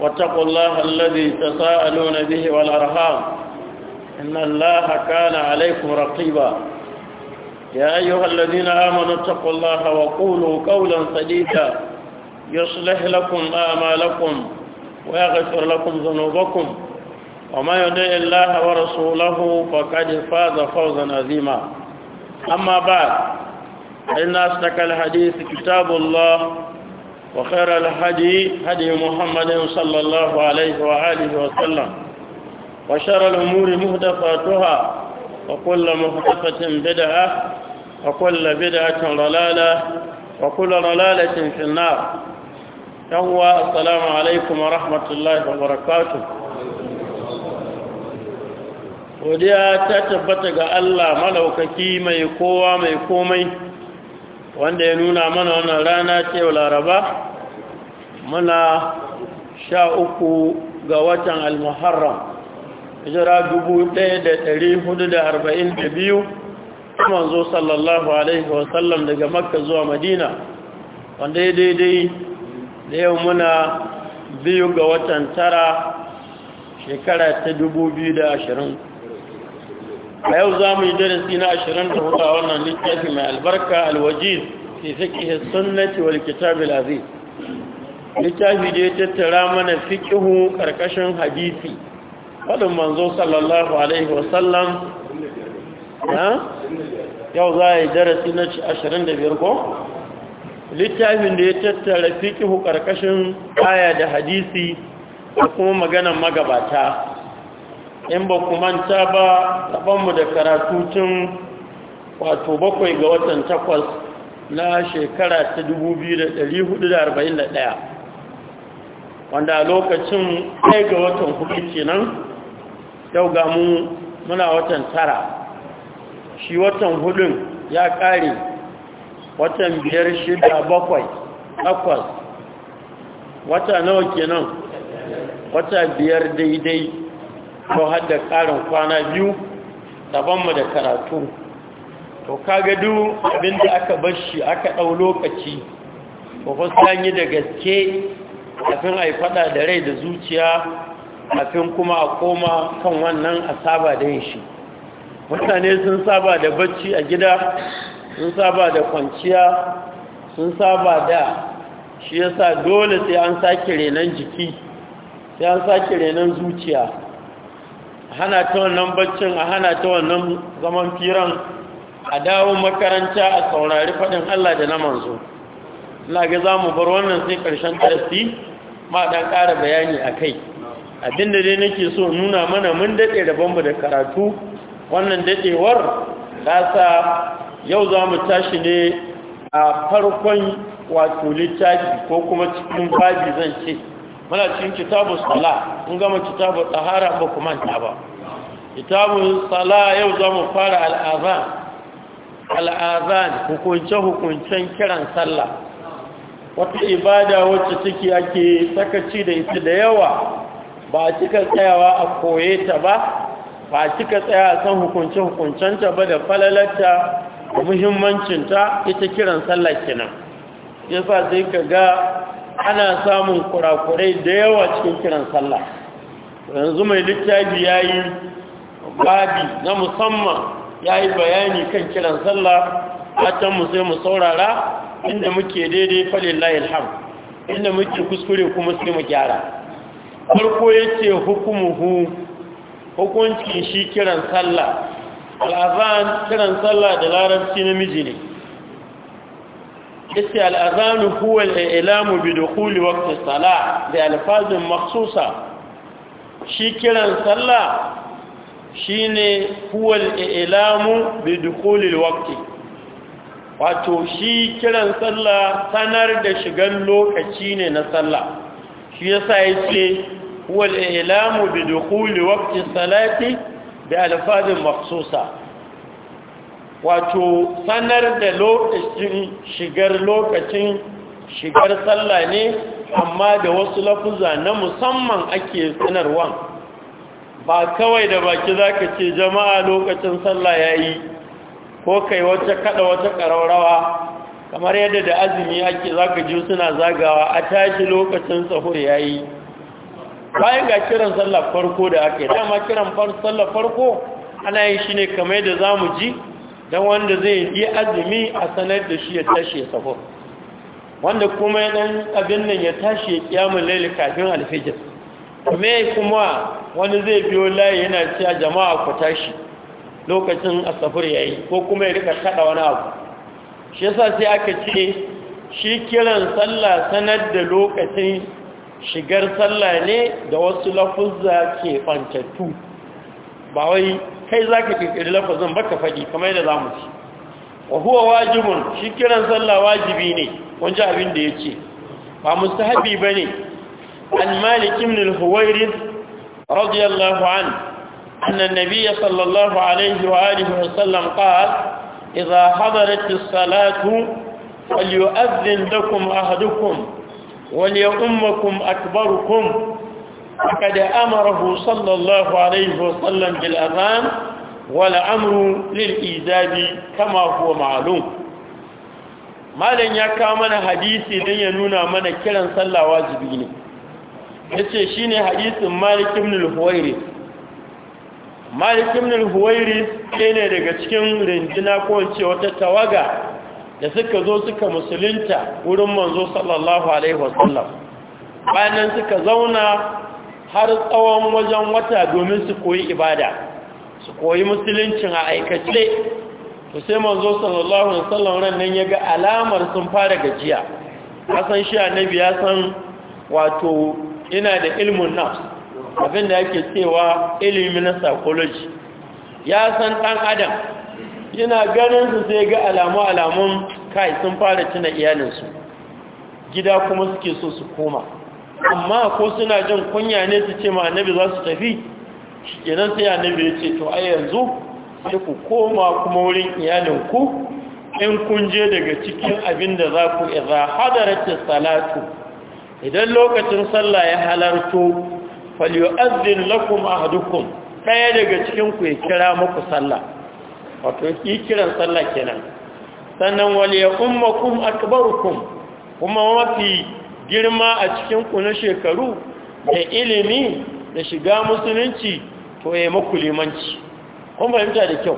واتقوا الله الذي تساءلون به والأرحام إن الله كان عليكم رقيبا يا أيها الذين آمنوا اتقوا الله وقولوا قولا سديدا يصلح لكم آمالكم ويغفر لكم ذنوبكم وما يدعي الله ورسوله فقد فاز فوزا عظيما أما بعد إن أصدق الحديث كتاب الله وخير الهدي هدي محمد صلى الله عليه وآله وسلم وشر الأمور مهدفاتها وكل مهدفة بدعة وكل بدعة ضلالة وكل ضلالة في النار يهوى السلام عليكم ورحمة الله وبركاته وديا تتبتغ الله ملوكك ميكوى ميكومي, ميكومي wanda ya nuna mana wannan rana ce laraba muna sha uku ga watan al-muharram hijira biyu, kuma zo sallallahu alaihi wasallam daga makka zuwa madina wanda ya daidai da yau muna biyu ga watan tara shekara ta dubu biyu a yau za mu yi darasi na ashirin da hudu a wannan littafi mai albarka alwajiz fi fiqh sunnati wal kitab al littafi da ya tattara mana fiqhu ƙarƙashin hadisi fadin manzo sallallahu alaihi wa sallam yau za a yi darasi na ashirin 25 ko littafin da ya tattara fiqhu ƙarƙashin aya da hadisi da kuma maganan magabata in ba ku manta ba tabanmu da karatu tun wato bakwai ga watan takwas na shekara ta 2441 wanda a lokacin ɗaya ga watan hudu kenan yau ga mu muna watan tara shi watan hudun ya ƙare watan biyar shida bakwai takwas wata nawa kenan wata biyar daidai ko har da kwana biyu mu da karatu to kaga duk abinda aka bar shi aka ɗau lokaci ko kusan yi da gaske kafin ayi fada faɗa da rai da zuciya kafin kuma a koma kan wannan asaba saba da yin shi mutane sun saba da bacci a gida sun saba da kwanciya sun saba da shi yasa dole sai an sake renan jiki sai an sake renon zuciya a hana ta wannan baccin a hana ta wannan zaman firan a dawo makaranta a saurari faɗin Allah da na manzo ina ga za mu bar wannan sai ƙarshen ƙarfi ma ɗan ƙara bayani a kai abinda dai nake so nuna mana mun daɗe da banbu da karatu wannan daɗewar ta sa yau za mu tashi ne a farkon wato littafi ko kuma cikin babi zan ce muna cikin kitabu sala mun gama kitabu tsahara ba ku manta ba kitabu sala yau za mu fara al'azan al'azan hukunce-hukuncen kiran sallah wata ibada wacce take ake sakaci da ita da yawa ba a cika tsayawa a koye ta ba ba a cika tsaya a san hukunce-hukuncenta ba da falalarta muhimmancinta ita kiran sallah kenan yasa sai ka ga ana samun kurakurai da yawa cikin kiran sallah yanzu mai littafi ya yi babi na musamman ya yi bayani kan kiran sallah fatan mu sai mu saurara inda muke daidai falin layin ham inda muke kuskure kuma sai mu gyara farko ya ce hukumuhu hukuncin shi kiran sallah al'azan kiran sallah da larabci namiji ne yace al-azanu huwa al-i'lamu bi dukhuli waqti salah bi alfazin makhsusa shi kiran sallah shine huwa al bi dukhuli wato shi kiran sallah sanar da shigan lokaci ne na sallah shi yasa yace huwa al bi dukhuli waqti salati bi alfazin makhsusa wato sanar da lokacin shigar lokacin shigar sallah ne amma da wasu lafuza na musamman ake sanarwa ba kawai da baki za ce jama'a lokacin sallah ya ko kai wata kada wata ƙararrawa kamar yadda da azumi ake za ka ji suna zagawa a tashi lokacin sahur ya bayan ga kiran sallah farko da ake dama kiran sallah farko ana yin shi ne kamar yadda za ji don wanda zai yi azumi a sanar da shi ya tashi ya sahur wanda kuma ya dan abin nan ya tashi ya kiyamun laili kafin alfijir me kuma wani zai biyo layi yana cewa jama'a ku tashi lokacin asafur yayi ko kuma ya rika kada wani abu shi yasa sai aka ce shi kiran sallah sanar da lokacin shigar sallah ne da wasu lafuzza ke fantattu ba wai kai za ka kirkiri lafazin baka faɗi kamar yadda za mu ci wa huwa wajibun shi kiran sallah wajibi ne wanda abin da ya ce ba mustahabi ba ne an malik ibn al-huwairid radiyallahu an Annan an-nabiy sallallahu alaihi wa alihi wa sallam qala idha hadarat as-salatu falyu'adhdhin lakum ahadukum وليؤمكم أكبركم فقد أمره صلى الله عليه وسلم بالأذان والأمر للإيجاب كما هو معلوم malam ya kawo mana hadisi don ya nuna mana kiran sallah wajibi ne ya ce shi ne hadisin malik ibn al-huwairi malik ibn al-huwairi ne daga cikin rinjina ko wata tawaga da suka zo suka musulunta wurin manzo sallallahu alaihi wasallam bayan suka zauna har tsawon wajen wata domin su koyi ibada su koyi musuluncin a aikace to sai manzo sallallahu alaihi wasallam nan yaga alamar sun fara gajiya kasan shi annabi ya san wato ina da ilmun nafs abinda yake cewa ilimi na psychology ya san dan adam yana ganin su sai ga alamu alamun kai sun fara tuna iyalinsu gida kuma suke so su koma amma ko suna jin kunya ne su ce ma annabi za su tafi kenan sai annabi ya ce to a yanzu sai ku koma kuma wurin iyalinku in kun je daga cikin abin da za ku iza hadarata salatu idan lokacin sallah ya halarto falyu'azzin lakum ahadukum ɗaya daga cikin ku ya kira muku sallah wato yi kiran sallah kenan sannan wal ya ummakum akbarukum kuma mafi girma a cikin ku na shekaru da ilimi da shiga musulunci to ya maku limanci kun fahimta da kyau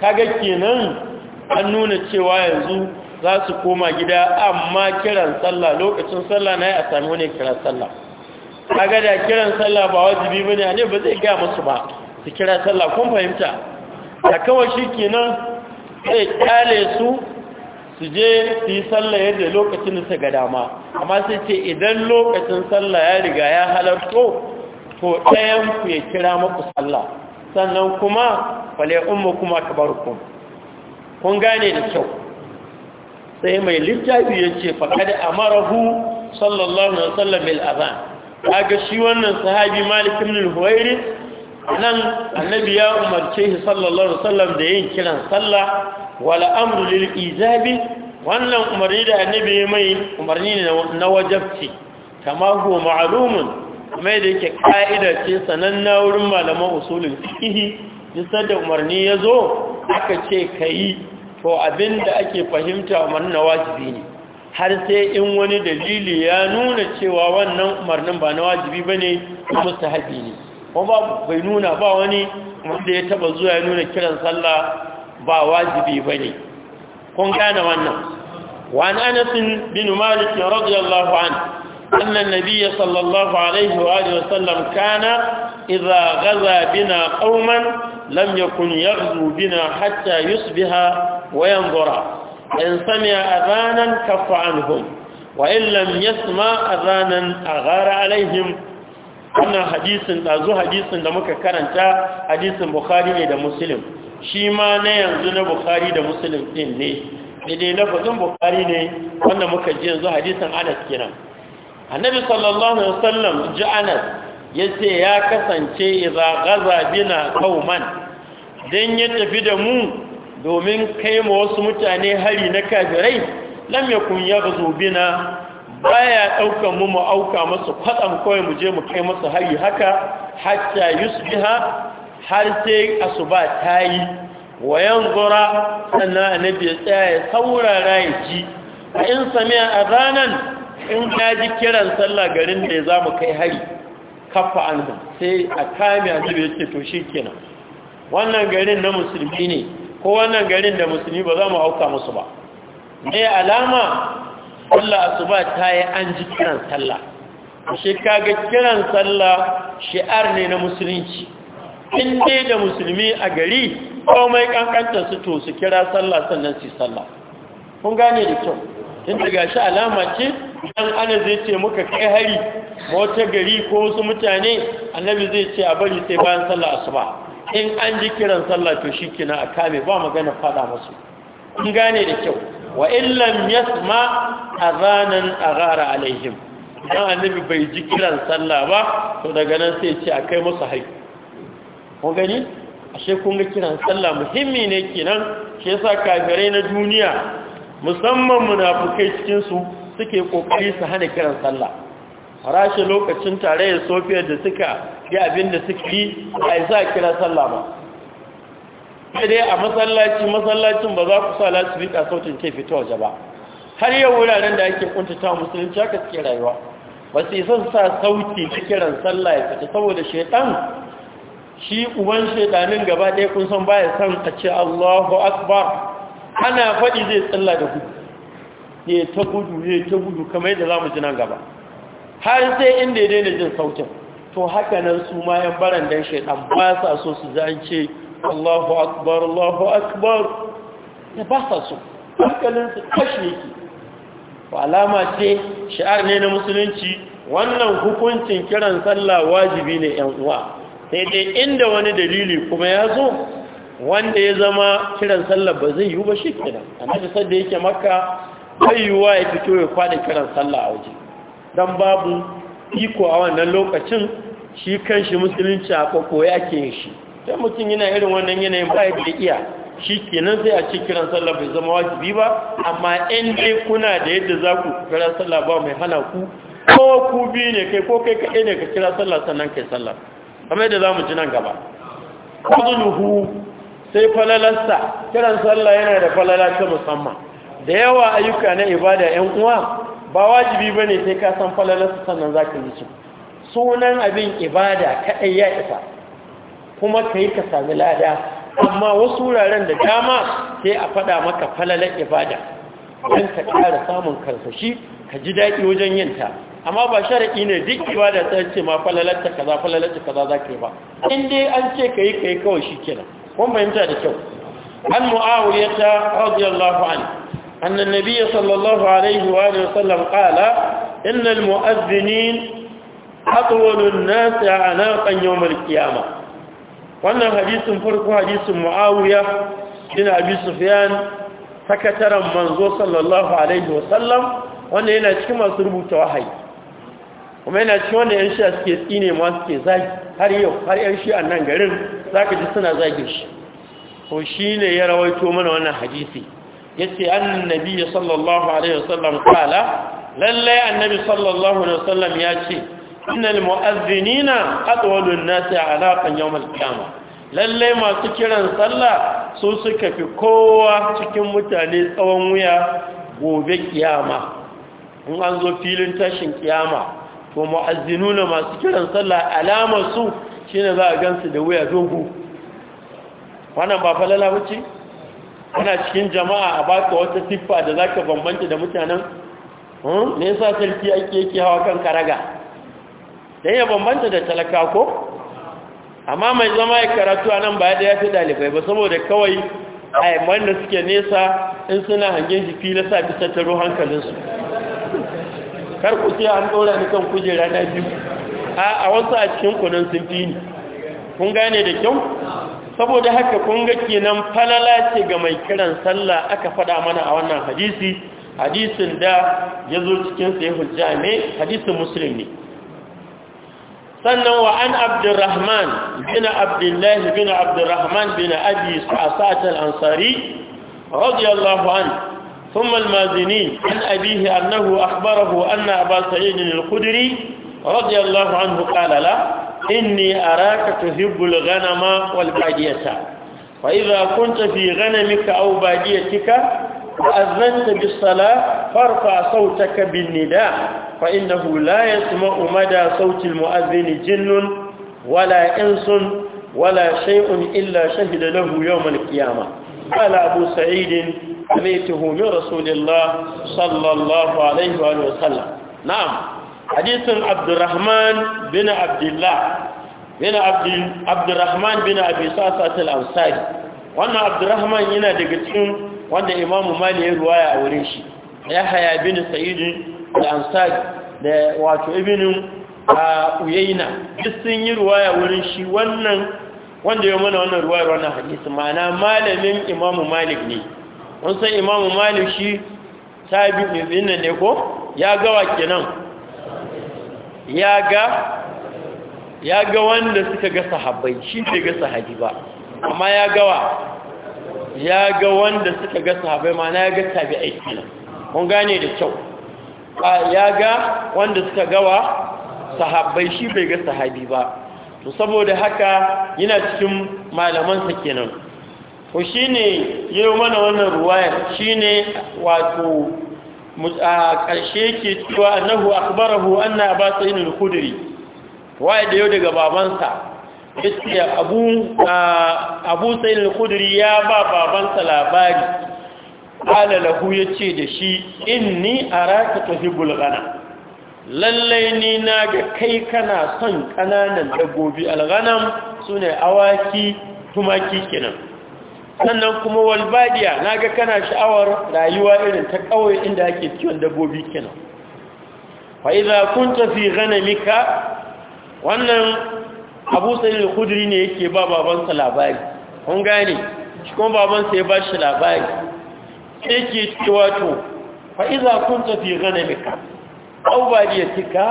kaga kenan an nuna cewa yanzu za su koma gida amma kiran sallah lokacin sallah na yi a sami wani kiran sallah kaga da kiran sallah ba wajibi bane ne ba zai gaya musu ba su kira sallah kun fahimta da kawai shi kenan zai kyale su su je su yi sallah yadda lokacin da ga dama amma sai ce idan lokacin sallah ya riga ya halarto to ɗayan ku ya kira maku sallah sannan kuma fale umma kuma ku kun gane da kyau sai mai littafi ya ce faƙaɗi a marahu sallallahu alaihi wasallam bil'azan ga shi wannan sahabi malikin nuhuwairi nan annabi ya umarce shi sallallahu alaihi wasallam da yin kiran sallah wala amru lil ijabi wannan umarni da annabi mai umarni na wajabci Ta mako, ma'alumun, mai da yake ka'ida ce na wurin malaman usulul fiqh bisa da umarni ya zo? aka ce kai to abinda ake fahimta umarni na wajibi ne har sai in wani dalili ya nuna cewa wannan umarnin ba na wajibi bane mustahabi ne ba bai nuna ba wani wanda ya taba zuwa ya nuna kiran sallah ba wajibi ba ne kun gane wannan malik radiyallahu anhu kana idza ghaza bina hatta yusbiha wa yanzura in sami'a adhanan kaffa anhum wa in lam yasma hadisin da muka karanta hadisin bukhari ne da muslim shi ma na yanzu na bukari da musulun ɗin ne daidai lafazin bukari ne wanda muka ji yanzu hadisan anas kenan annabi sallallahu alaihi wasallam ji anas ya ce ya kasance iza gaza bina kauman don ya tafi da mu domin kai ma wasu mutane hari na kafirai lam yakun ya gazo bina baya ɗaukan mu mu auka masu kwatsam kawai mu je mu kai masu hari haka hatta yusbiha har sai asuba ta yi wayan gura sannan annabi ya tsaye ya saurara ya ji a in sami a ranar in ya ji kiran sallah garin da ya za mu kai hari kafa an sai a kame annabi ya ce to kenan wannan garin na musulmi ne ko wannan garin da musulmi ba za mu auka musu ba ne alama Allah asuba ta yi an ji kiran sallah shi kaga kiran sallah shi'ar ne na musulunci in dai da musulmi a gari komai kankanta su to su kira sallah sannan su sallah kun gane da kyau tun daga shi alama ce dan ana zai ce muka kai hari mota gari ko wasu mutane annabi zai ce a bari sai bayan sallah asuba in an ji kiran sallah to shikina a kame ba magana fada musu kun gane da kyau wa illam yasma azanan aghara alaihim dan annabi bai ji kiran sallah ba to daga nan sai ce a kai musu hari Ko gani ashe kun ga kiran sallah muhimmi ne kenan shi yasa kafirai na duniya musamman munafukai cikin su suke kokari su hana kiran sallah rashe lokacin tarayyar sofiya da suka yi abinda da suka yi a yi kiran sallah ba sai dai a masallaci masallacin ba za ku sa lasifika sautin ke fito waje ba har yau wuraren da ake kuntata musulunci haka suke rayuwa ba su yi sa sauti na kiran sallah ya fita saboda shaitan shi uban shaidanin gaba ɗaya kun san baya san a ce Allahu akbar ana faɗi zai tsalla da gudu ya ta gudu ya ta gudu kamar yadda za mu ji nan gaba har sai inda ya daina jin sautin to haka nan su ma yan baran dan shaidan ba sa so su zance Allahu akbar Allahu akbar ya ba sa so hankalin su kashi yake to alama ce shi'ar ne na musulunci wannan hukuncin kiran sallah wajibi ne yan uwa sai dai inda wani dalili kuma ya zo wanda ya zama kiran sallah ba zai yiwu ba shi kenan annabi sadda yake makka bai ya fito ya fada kiran sallah a waje dan babu iko a wannan lokacin shi kanshi musulunci a kwakwo ya ke yin shi sai mutum yana irin wannan yanayin ba da iya shi kenan sai a ci kiran sallah bai zama wajibi ba amma in dai kuna da yadda za ku kiran sallah ba mai hana ku ko ku biyu ne kai ko kai kaɗai ne ka kira sallah sannan kai sallah kamar yadda za mu ji nan gaba fadluhu sai falalarsa kiran sallah yana da falala ta musamman da yawa ayyuka na ibada yan uwa ba wajibi bane sai ka san falalarsa sannan za ka yi shi sunan abin ibada kaɗai ya isa kuma kai ka sami lada amma wasu wuraren da dama sai a faɗa maka falalar ibada don ka ƙara samun karsashi ka ji daɗi wajen yin ta. amma ba shari'i ne duk ibada ta ce ma falalatta kaza falalatta kaza za ka yi ba in dai an ce ka yi ka yi kawai shi kenan kun fahimta da kyau an mu'awiyata radiyallahu an أن sallallahu alaihi wa sallam وآله وسلم قال إن المؤذنين أطول الناس عناقا يوم Wannan وأن farko فرق حديث معاوية بن أبي سفيان manzo sallallahu alaihi wa sallam. Wannan yana هنا masu rubuta wahayi. kuma yana cikin wanda yan shiya suke tsine ma suke zagi har yau har yan shiya nan garin za ka ji suna zagi shi ko shi ne ya rawaito mana wannan hadisi ya ce annabi sallallahu alaihi wasallam kala lallai annabi sallallahu alaihi wasallam ya ce innal mu'azzinina an nasi alaqan yawm al-qiyamah lallai masu kiran sallah su suka fi kowa cikin mutane tsawon wuya gobe kiyama in an zo filin tashin kiyama ko mu'azzinuna masu kiran sallah alamar su shine za a gansu da wuya dogo wannan ba falala wuce ana cikin jama'a a baka wata siffa da zaka bambanta da mutanen hmm? me yasa sarki ake yake hawa kan karaga dan ya bambanta da talaka ko amma mai zama ya karatu anan ba da ya fi dalibai ba saboda kawai ai wanda suke nesa in suna hangen jiki na sa bisa ta ruhan hankalinsu kar ku an ɗora ni kan kujera na biyu a wasu a cikin kunan sun fi ni kun gane da kyau saboda haka kun ga kenan falala ce ga mai kiran sallah aka faɗa mana a wannan hadisi hadisin da ya zo cikin hujja ne, hadisin muslim ne sannan wa an abdurrahman bin abdullah bin abdurrahman bin abi sa'at al-ansari radiyallahu anhu ثم المازني عن أبيه أنه أخبره أن أبا سعيد الخدري رضي الله عنه قال له إني أراك تحب الغنم والبادية فإذا كنت في غنمك أو باديتك وأذنت بالصلاة فارفع صوتك بالنداء فإنه لا يسمع مدى صوت المؤذن جن ولا إنس ولا شيء إلا شهد له يوم القيامة قال أبو سعيد سمعته من رسول الله صلى الله عليه وآله وسلم نعم حديث عبد الرحمن بن عبد الله بن عبد عبد الرحمن بن أبي ساسة الأنصاري وأن عبد الرحمن هنا دقتهم وأن إمام مالي رواية أوريشي يحيى بن سعيد الأنصاري da wato ibinin a uyayna duk sun yi ruwaya wurin shi wannan wanda ya mana wannan ruwayar wannan hadisi ma'ana malamin imamu malik ne mun san imamu malik shi tabi ibn ne ko ya ga wake nan, ya ga ya ga wanda suka ga sahabbai shi bai ga sahabi ba amma ya ga wa ya ga wanda suka ga sahabbai ma'ana ya ga tabi'ai kenan mun gane da kyau ya ga wanda suka gawa sahabbai shi bai ga sahabi ba to saboda haka yana cikin malamansa kenan ko shine yau mana wannan ruwayar shine wato a ƙarshe ke cewa annahu akbarahu anna ba sa'in al-khudri waye da yau daga babansa gaskiya abu abu sa'in al-khudri ya ba babansa labari qala lahu yace da shi inni araka tuhibbul ghanam lallai ni na ga kai kana son ƙananan dabbobi alghanam sune awaki tumaki kenan sannan kuma walbadiya na ga kana sha'awar rayuwa irin ta kawai inda ake kiwon dabbobi kenan fa idza kunta fi ghanamika wannan abu sa'il khudri ne yake ba babansa labari kun gane shi kuma babansa ya ba shi labari yake cewa to fa idza kunta fi ghanamika aubadiyatika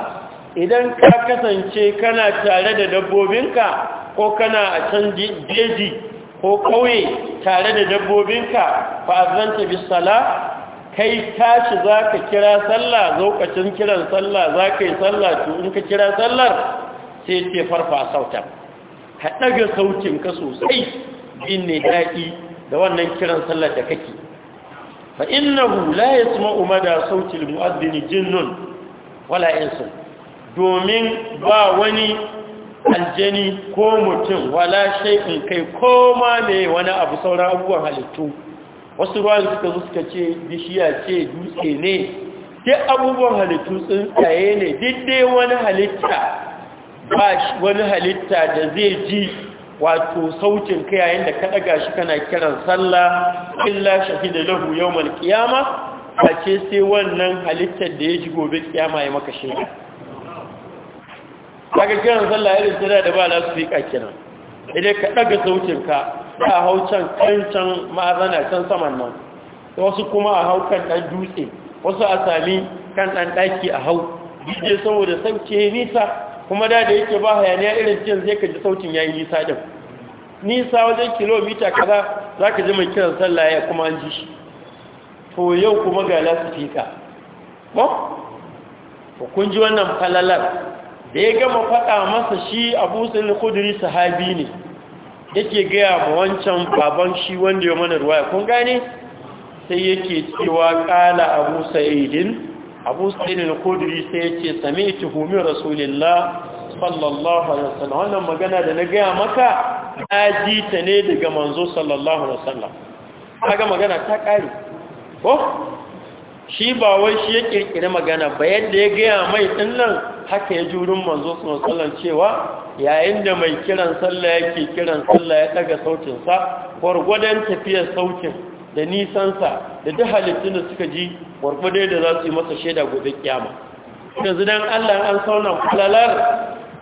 idan ka kasance kana tare da dabbobinka ko kana a can jeji ko ƙauye tare da dabbobinka fa azanta bis sala kai tashi zaka kira sallah lokacin kiran sallah zaka yi sallah to in ka kira sallar sai ce farfa sautan ka ɗaga sautin ka sosai bin ne dadi da wannan kiran sallar da kake fa innahu la yasma'u mada sautil jin jinnun wala insu domin ba wani aljani ko mutum wala in kai koma ne wani abu sauran abubuwan halittu wasu ruwan suka zo suka ce bishiya ce dutse ne duk abubuwan halittu sun tsaye ne diddai wani halitta ba wani halitta da zai ji wato saukin ka yayin da ka daga shi kana kiran sallah illa shahida lahu yawmal qiyamah face sai wannan halittar da ya ji gobe kyama ya maka shi ta ga kiran sallah irin tsira da ba za su fi kiran idan ka ɗaga sautinka ka hau can kancan ma'azana can saman nan wasu kuma a hau kan ɗan dutse wasu a sami kan ɗan ɗaki a hau Gije saboda sauke nisa kuma da da yake ba hayaniya irin cin zai ka ji sautin yi nisa ɗin. nisa wajen kilomita kaza ka ji mai kiran sallah ya kuma an ji shi to yau kuma ga lasifika ko kun ji wannan falalar da ya gama faɗa masa shi abu sun kuduri sahabi ne yake gaya ma wancan baban shi wanda ya mana ruwaya kun gane sai yake cewa ƙala abu sa'idin abu sa'idin kuduri sai ya ce same tuhumin rasulillah sallallahu alaihi wasallam wannan magana da na gaya maka ta ji ta ne daga manzo sallallahu alaihi wasallam kaga magana ta ƙare ko shi ba wai shi ya kirkiri magana ba yadda ya gaya mai nan, haka ya jurin manzo sallan cewa yayin da mai kiran sallah yake kiran sallah ya daga sautinsa gwargwadon tafiyar sautin da nisansa da duk halittun da suka ji gwargwadon da za su yi masa shaida gobe kyama yanzu dan allah an sauna falalar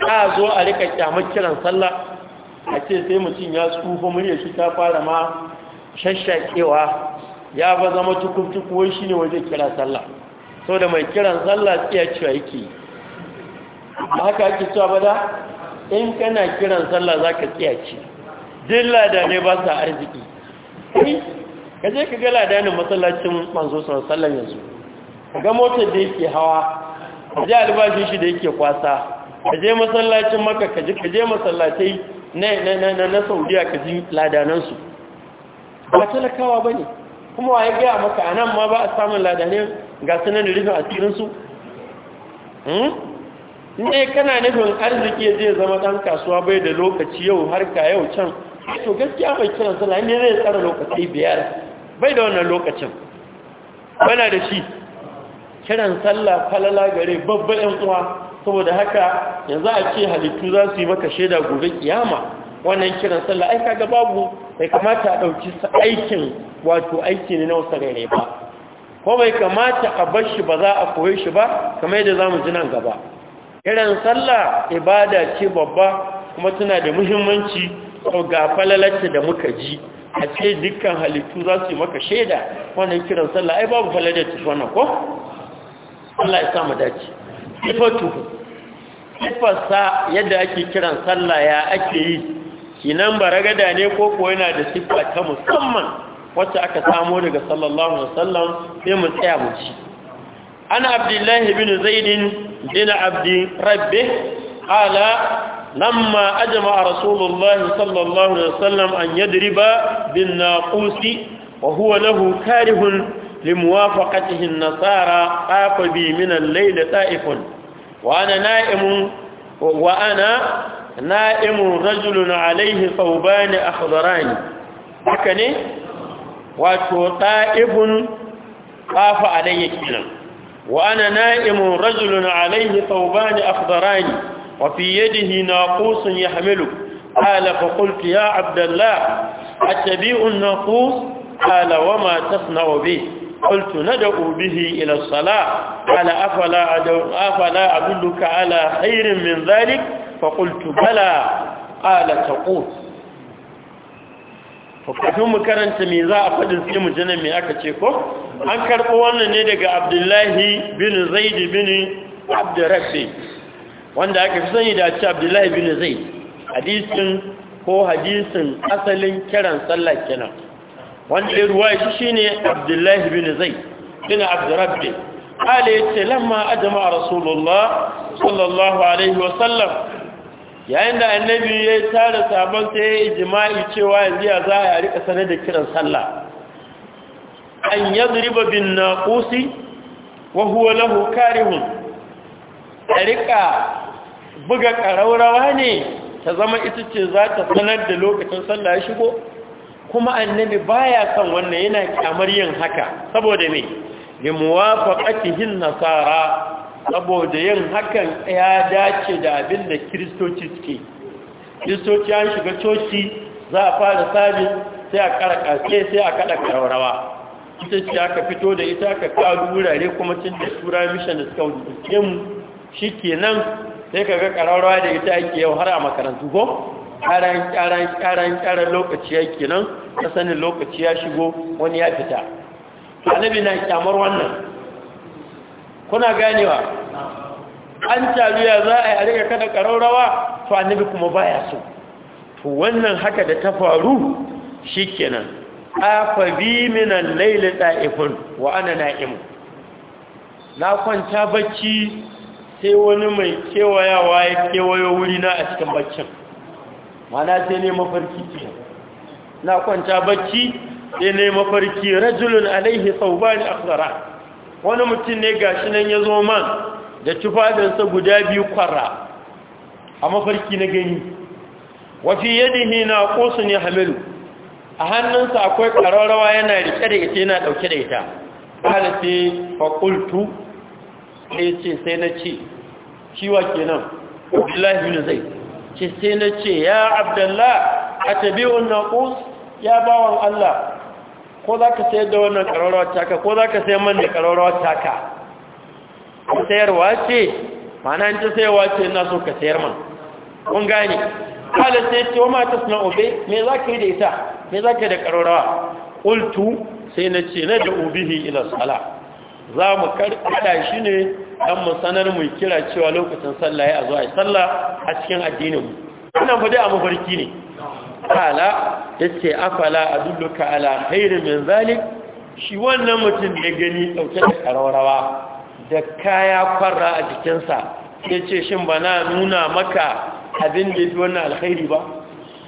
a zo a rika kyamar kiran sallah a ce sai mutum ya tsufa murya shi ta fara ma shashakewa ya ba zama tukuf-tukuf wai shine waje kira sallah sau da mai kiran sallah tsaye cewa yake haka ake cewa ba da in kana kiran sallah za ka tsiya ce din lada ne ba sa arziki ka je ka ga lada ne matsalacin manzo sallan yanzu ga motar da yake hawa ka je albashin shi da yake kwasa ka je masallacin maka ka je masallatai na saudiya ka ji ladanansu ba talakawa ba ne kuma wa ya gaya maka a nan ma ba a samun ladane ga sunan rufin asirinsu hmm? ne kana nufin arziki zai zama ɗan kasuwa bai da lokaci yau harka yau can to gaskiya mai kiran sallah ne zai tsara lokaci biyar bai da wannan lokacin bana da shi kiran sallah falala gare babba yan uwa saboda haka yanzu a ce halittu za su yi maka shaida gobe kiyama wannan kiran sallah ai kaga babu bai kamata a dauki aikin wato aiki ne na wasarere ba ko bai kamata a bar shi ba za a koye shi ba kamar yadda zamu ji nan gaba kiran sallah ibada ce babba kuma tana da muhimmanci ga falalace da muka ji a ce dukkan halittu za su yi maka shaida wannan kiran sallah ai babu falalar ta wannan ko Allah ya samu dace sifatu sifarsa yadda ake kiran sallah ya ake yi kinan baragada ne ko ko yana da siffa ta musamman wacce aka samo daga sallallahu alaihi wasallam sai mu tsaya mu ci ana abdullahi bin zaid bin abdi rabbi ala lamma ajma rasulullah sallallahu alaihi wasallam an yadriba bin naqusi wa huwa lahu karihun لموافقته النصارى طاف بي من الليل طائف وأنا نائم ana. na'imun rajulun alaihi thawbani akhdarani haka ne wato ta'ibun qafa alayya kinan wa ana na'imun rajulun alaihi thawbani akhdarani wa fiye da fi yadihi naqusun yahmilu qala fa qultu ya abdullah atabi'u na naqus qala wa ma tasna'u bihi قلت ندعو به إلى الصلاة قال أفلا, أدلك على خير من ذلك faƙultu bala ƙala taƙo kafin mu karanta me za a faɗin sai mu jana me aka ce ko an karɓi wannan ne daga abdullahi bin zaid bin abdurrabbi wanda aka fi sani da ci abdullahi bin zaid hadisin ko hadisin asalin kiran sallah kenan wanda ya ruwa shi shine abdullahi bin zaid bin abdurrabbi قال يتلمى أجمع رسول الله صلى الله عليه وسلم yayin da annabi ya tara sabon sai ya jima'i cewa yanzu ya za a rika sanar da kiran sallah an yadriba bin naqusi wa huwa lahu karihun a rika buga ƙaraurawa ne ta zama ita ce za ta sanar da lokacin sallah ya shigo kuma annabi baya son wannan yana kyamar yin haka saboda me limuwafaqatihin nasara saboda yin hakan ya dace da abin da kiristoci suke kiristoci an shiga coci za a fara sabis sai a karakace sai a kada karawa ita ce aka fito da ita aka kawo wurare kuma cin da tura da suka wuce mu shi kenan sai ka ga karawa da ita ake yau har a makarantu ko karan karan karan karan lokaci ya kenan ka sanin lokaci ya shigo wani ya fita annabi na kyamar wannan kuna ganewa an taruya za a yi a rika kada ƙararrawa to annabi kuma baya so to wannan haka da ta faru shi afa bi minan layli da'ifun wa ana na'im na kwanta bacci sai wani mai kewayawa ya kewayo wuri na a cikin baccin mana sai ne mafarki ke na kwanta bacci sai ne mafarki rajulun alaihi sauban akhzara wani mutum ne ga shi nan ya zo man da tufafinsa guda biyu kwara a mafarki na gani wafi yadda ne na ƙosu ne hamilu a hannunsa akwai ƙararrawa yana rike da ita yana ɗauke da ita ƙala ce faƙultu ɗaya ce sai na ce ciwa kenan abdullahi bin zai ce sai na ce ya abdullah a tabi wannan ƙos ya bawan allah ko za ka sayar da wannan ƙararrawar ka, ko za ka sayar man da ƙararrawar ka sayarwa ce mana in ta sayarwa ce na so ka sayar man kun gani kala sai ce wa mata suna obe me za ka yi da ita me za ka yi da ƙararrawa ƙultu sai na ce na da ubihi ila sala za mu karɓaɗa shi ne don mu sanar mu kira cewa lokacin sallah ya a zuwa sallah a cikin addininmu wannan ba dai a mafarki ne kala ya ce afala a dulluka ala khairin min zalik shi wannan mutum da gani ɗauke da ƙararrawa da kaya kwarra a jikinsa ya ce shin ba na nuna maka abin da yi wannan alkhairi ba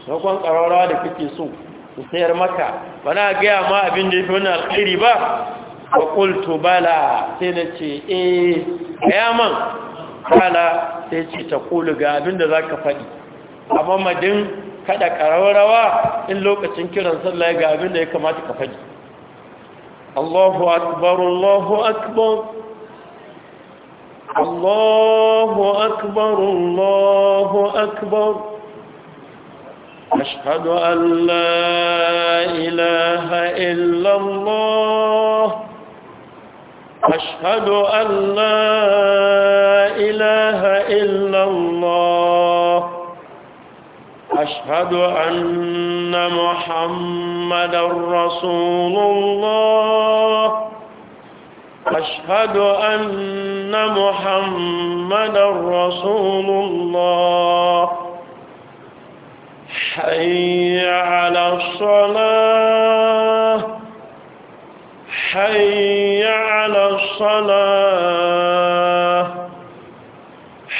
rakon ƙararrawa da kake so su sayar maka ba na gaya ma abin da yi wannan alkhairi ba wa ƙultu bala sai na ce eh ya man kala sai ce ta ƙulu ga abin da za ka faɗi amma madin kada ƙararrawa in lokacin kiran sallah ga abin da ya kamata ka faɗi Allahu akbar Allahu akbar Allahu akbar Allahu akbar أشهد أن لا إله إلا الله أشهد أن لا إله إلا الله وأشهد أن محمد رسول الله أشهد أن محمد رسول الله حي على الصلاة حي على الصلاة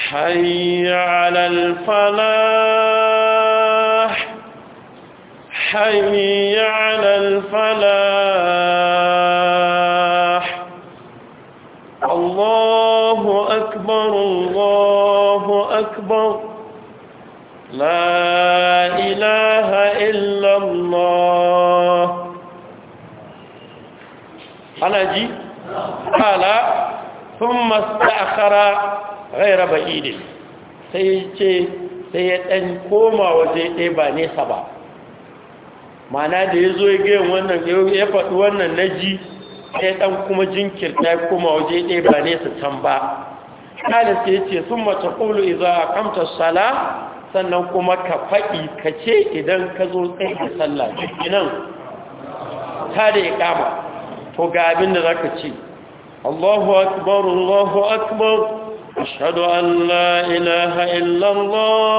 حي على الفلاح حي على الفلاح الله أكبر الله أكبر لا إله إلا الله أنا جي قال ثم استأخر غير بعيد سيجي سيدن كوما وزيدي بني با mana da ya zo ya gaya wannan ya faɗi wannan na ji ɗaya ɗan kuma jinkirta kuma waje ɗaya ba su can ba kalis ya ce sun mata ƙulu iza a kamta sala sannan kuma ka faɗi ka ce idan ka zo tsaye da sallah nan ta da ya ƙama to ga abin da za ka ce allahu akbar allahu akbar ashadu an la ilaha illallah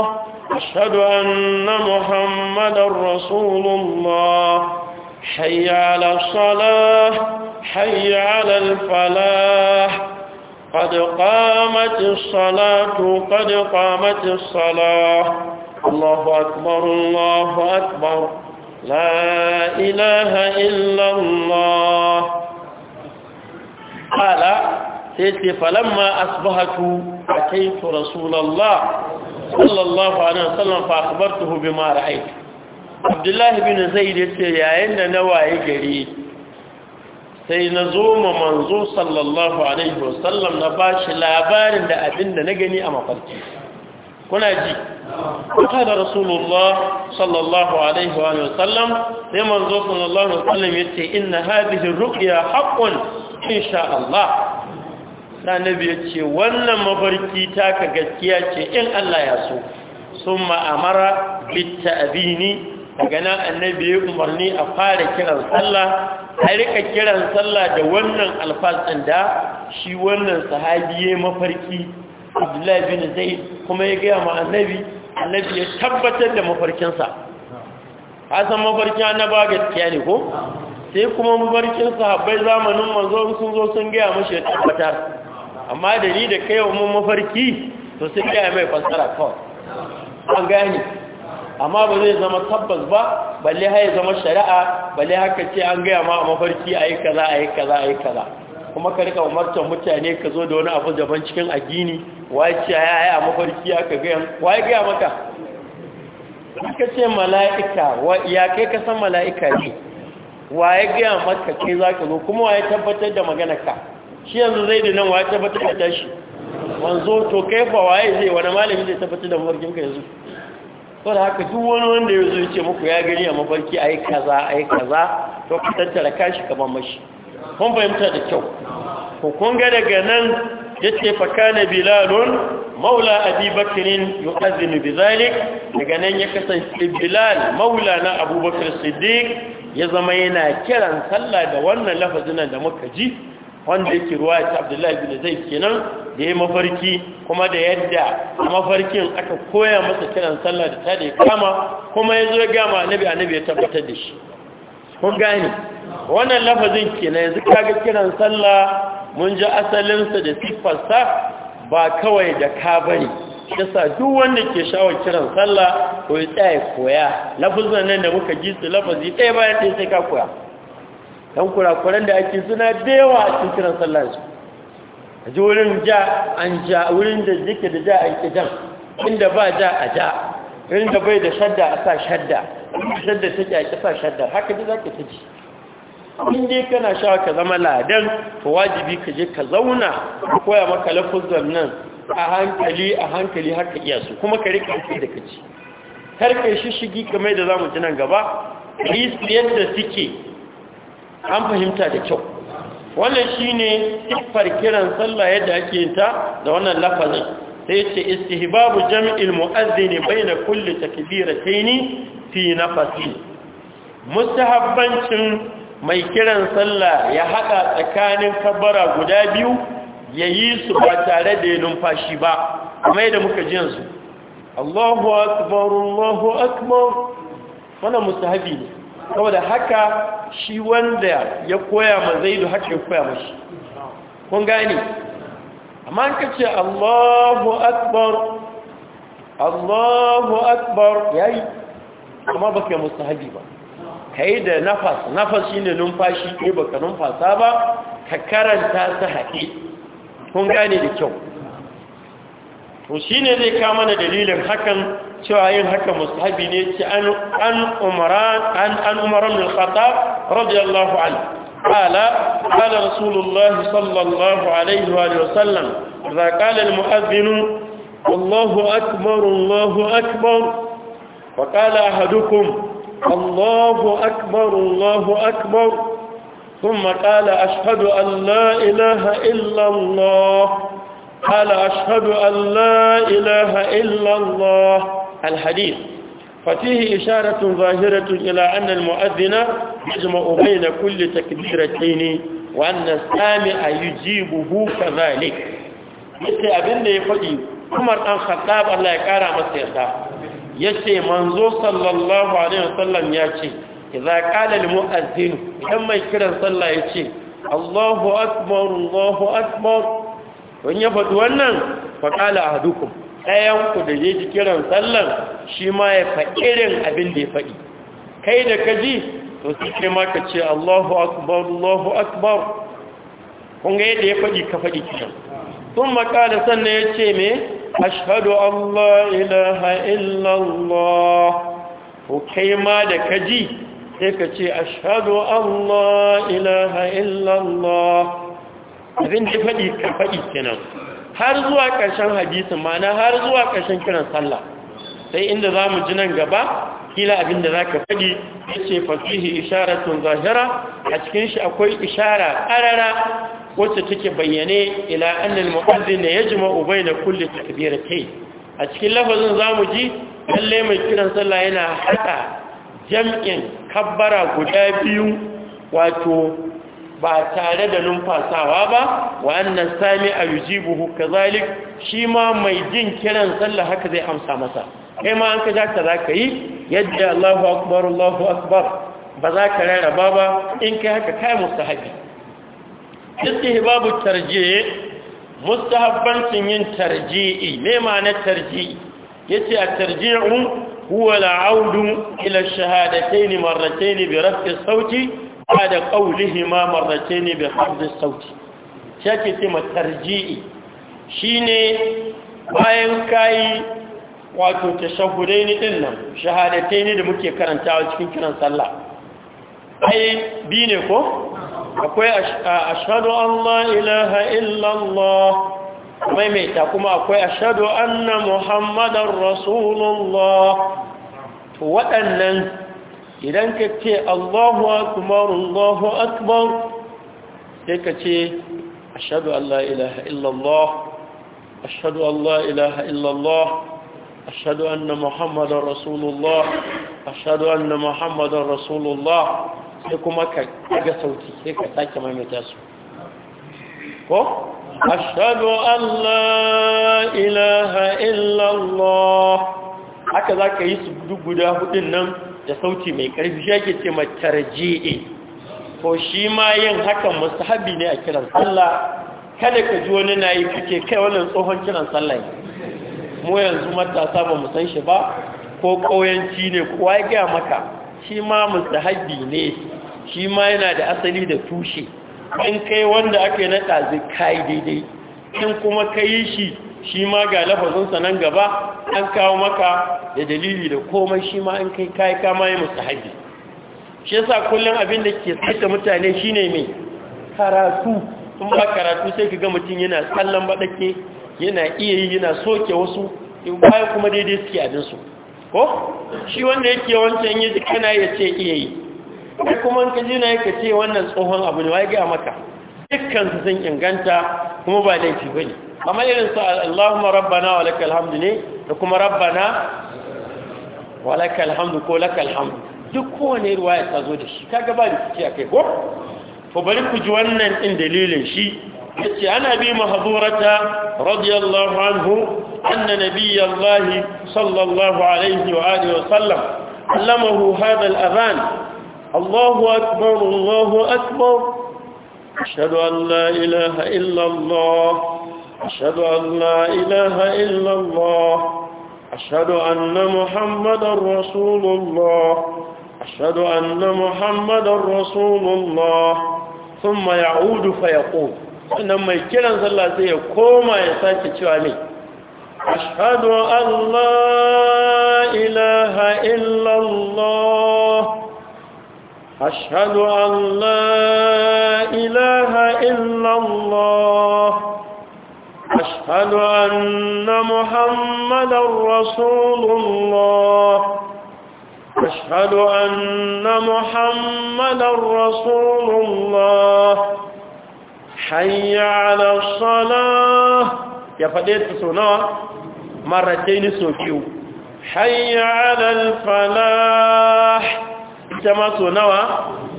أشهد أن محمد رسول الله حي على الصلاة حي على الفلاح قد قامت الصلاة قد قامت الصلاة الله أكبر الله أكبر لا إله إلا الله قال فلما أصبحت أتيت رسول الله sallallahu alaihi wasallam fa akhbartuhu bima ra'aytu Abdullahi bin Zaid yace yayin da na waye gari sai na zo ma manzo sallallahu alaihi wasallam na bashi labarin da abin da na gani a mafarki kuna ji kada rasulullah sallallahu alaihi wa sallam sai manzo sallallahu alaihi wasallam yace inna hadhihi ruqya haqqun insha Allah na nabi ya ce wannan mafarki taka gaskiya ce in Allah ya so sun ma'amara bitta abini daga nan annabi ya umarni a fara kiran sallah a rika kiran sallah da wannan alfasin da shi wannan sahabi ya mafarki abdullahi bin zaid kuma ya gaya ma annabi annabi ya tabbatar da mafarkinsa hasan mafarki na ba gaskiya ne ko sai kuma mafarkin sahabbai zamanin manzo sun zo sun gaya mashi ya tabbatar amma da ni da kai wa mun mafarki to sai gaya mai fasara kawai an gani amma ba zai zama tabbas ba balle ha ya zama shari'a balle haka ce an gaya ma a mafarki a yi kaza a yi kaza a yi kaza kuma ka rika umartar mutane ka zo da wani abu daban cikin addini waye ce ya yi a mafarki aka gaya waye gaya maka aka ce mala'ika ya kai ka san mala'ika ne waye gaya maka kai za ka zo kuma waye tabbatar da maganarka shi yanzu zai da nan wa tabbatar da tashi wanzo to kai fa waye zai wani malami zai tabbatar da mafarkin ka yanzu ko da haka duk wani wanda ya zo yace muku ya gani a mafarki ai kaza ai kaza to ka tattara kashi ka mashi kun fahimta da kyau ko kun ga daga nan yace fa kana bilalun maula abi bakrin bi zalik daga nan ya kasance bilal maula na abubakar siddiq ya zama yana kiran sallah da wannan lafazin da muka ji wanda yake ruwa ya abdullahi bin zai kenan da ya mafarki kuma da yadda mafarkin aka koya masa kiran sallah da ta da ya kama kuma ya zo ya gama annabi annabi ya tabbatar da shi kun gane wannan lafazin kenan yanzu kaga kiran sallah mun ji asalinsa da siffarsa ba kawai da ka bane yasa duk wanda ke shawar kiran sallah ko ya tsaya koya lafazin nan da muka ji su lafazi ɗaya bayan ɗaya sai ka koya dan kurakuran da ake suna da yawa a cikin kiran sallah su a ji wurin ja an ja wurin da yake da ja an ki jan inda ba ja a ja inda bai da shadda a sa shadda shadda take a kisa shadda haka dai zaka ka ji in dai kana sha ka zama ladan to wajibi ka je ka zauna koya maka lafuzan nan a hankali a hankali haka iya su kuma ka rika da kaci kar kai shishigi kamar da zamu ji nan gaba yi yadda suke an fahimta da kyau wannan shine siffar kiran sallah yadda ake yin ta da wannan lafazin sai ce istihbabu jam'il mu'azzini baina kulli takbirataini fi nafasi mustahabbancin mai kiran sallah ya haɗa tsakanin kabara guda biyu yayi su ba tare da numfashi ba kuma yadda muka ji yanzu Allahu akbar Allahu akbar wannan mustahabi ne saboda haka shi wanda ya koya ma zaidu haka ya koya mashi kun gani amma an kace Allahu akbar Allahu akbar yayi amma ke mustahabi ba kai da nafas nafas shine numfashi kai baka numfasa ba ka karanta ta haƙi kun gane da kyau to ne zai kama na dalilin hakan cewa yin haka mustahabi ne ci an umaran umran an an umran al khattab radiyallahu anhu qala qala sallallahu alaihi wa sallam idza qala al muadhdhin allahu akbar allahu akbar wa kala ahadukum allahu akbar allahu akbar ثم قال أشهد أن لا إله إلا الله قال أشهد أن لا إله إلا الله الحديث ففيه إشارة ظاهرة إلى أن المؤذن يجمع بين كل تكبيرتين وأن السامع يجيبه كذلك مثل أبن يفدي عمر أن خطاب الله يقارى مسيحة يشي منظور صلى الله عليه وسلم يشي إذا قال المؤذن لما يكرر صلى يشي الله أكبر الله أكبر don ya faɗi wannan faƙala a hadukun ɗayanku da ya ji kiran sallan shi ma ya faɗirin abin da ya faɗi kai da ka ji to su ce maka ce allahu akbar allahu akbar kunga yadda ya faɗi ka faɗi kiran sun makala sannan ya ce me ashadu allah ilaha illallah ko kai ma da ka ji sai ka ce ashadu allah ilaha illallah abin da faɗi ka faɗi kenan har zuwa ƙarshen hadisi mana har zuwa ƙarshen kiran sallah sai inda za mu ji nan gaba kila abin da za ka faɗi ya ce fasihi isharatun zahira a cikin shi akwai ishara ƙarara wacce take bayyane ila annal mu'azzin ya jima'u bayna kulli takbiratai a cikin lafazin za mu ji lalle mai kiran sallah yana haɗa jam'in kabbara guda biyu wato ba tare da numfasawa ba wa annan sami a kazalik shi ma mai jin kiran sallah haka zai amsa masa kai ma an ka ja za ka yi yadda Allahu akbar Allahu akbar ba za ka rarraba ba in kai haka kai mustahabi istihbabu tarji'i mustahabbancin yin tarji'i me na tarji'i yace a tarji'u huwa la'audu ila shahadatayn marratayn bi raf'i sauti ba da ƙaunihi ma marrace ne bai harzin sauti shi ake ce matarji'i shi ne bayan kayi wato tashahudai ni ɗin nan shahadatai ne da muke karantawa cikin kiran sallah ai bi ne ko akwai ashadu an la ilaha illallah maimaita kuma akwai ashadu anna muhammadan rasulullah to waɗannan idan ka ce Allahu akbar Allahu akbar sai ka ce ashhadu allah la ilaha illallah ashhadu allah la ilaha illallah ashhadu anna muhammadar rasulullah ashhadu anna muhammadar rasulullah sai kuma ka ga sauti sai ka sake maimaita su ko ashhadu allah la ilaha illallah haka za ka yi su duk guda hudun nan da sauti mai ƙarfi shi ake ce matarji'i ko shi ma yin hakan musahabi ne a kiran sallah kada ka ji wani na yi kake kai wannan tsohon kiran sallah mu yanzu matasa ba mu san shi ba ko ƙauyanci ne ko ya gaya maka shi ma musahabi ne shi ma yana da asali da tushe in kai wanda aka yi na ɗazi kai daidai in kuma ka yi shi shi ma ga lafazinsa nan gaba an kawo maka da dalili da komai shi ma an kai kai kama yi musu haji shi yasa kullum abin da ke tsaita mutane shi ne mai karatu in ba karatu sai ka ga mutum yana tsallon baɗake yana iya yi yana soke wasu in baya kuma daidai suke abinsu ko shi wanda yake wancan yi kana ya ce iya yi kuma ce wannan tsohon abu ne wa ya gaya maka Dukkansu su sun inganta kuma ba laifi ba ne. amma irin su Allahumma rabbana wa lakal hamdu ne da kuma rabbana wa lakal hamdu ko lakal hamdu duk kowane ruwa ya zo da shi kaga ba a kai ko to bari ku ji wannan din dalilin shi Ya ce ana bi mahdurata radiyallahu anhu anna nabiyallahi sallallahu alaihi wa alihi wa sallam allamahu hadha al-adhan Allahu akbar Allahu akbar أشهد أن لا إله إلا الله أشهد أن لا إله إلا الله أشهد أن محمدا رسول الله أشهد أن محمدا رسول الله ثم يعود فيقول wannan mai kiran صلى sai ya koma ya sake cewa ne ashhadu an la أشهد أن لا إله إلا الله أشهد أن محمدا رسول الله أشهد أن محمدا رسول الله حي على الصلاة يا فديت سنة مرتين سوكيو حي على الفلاح ita ma so nawa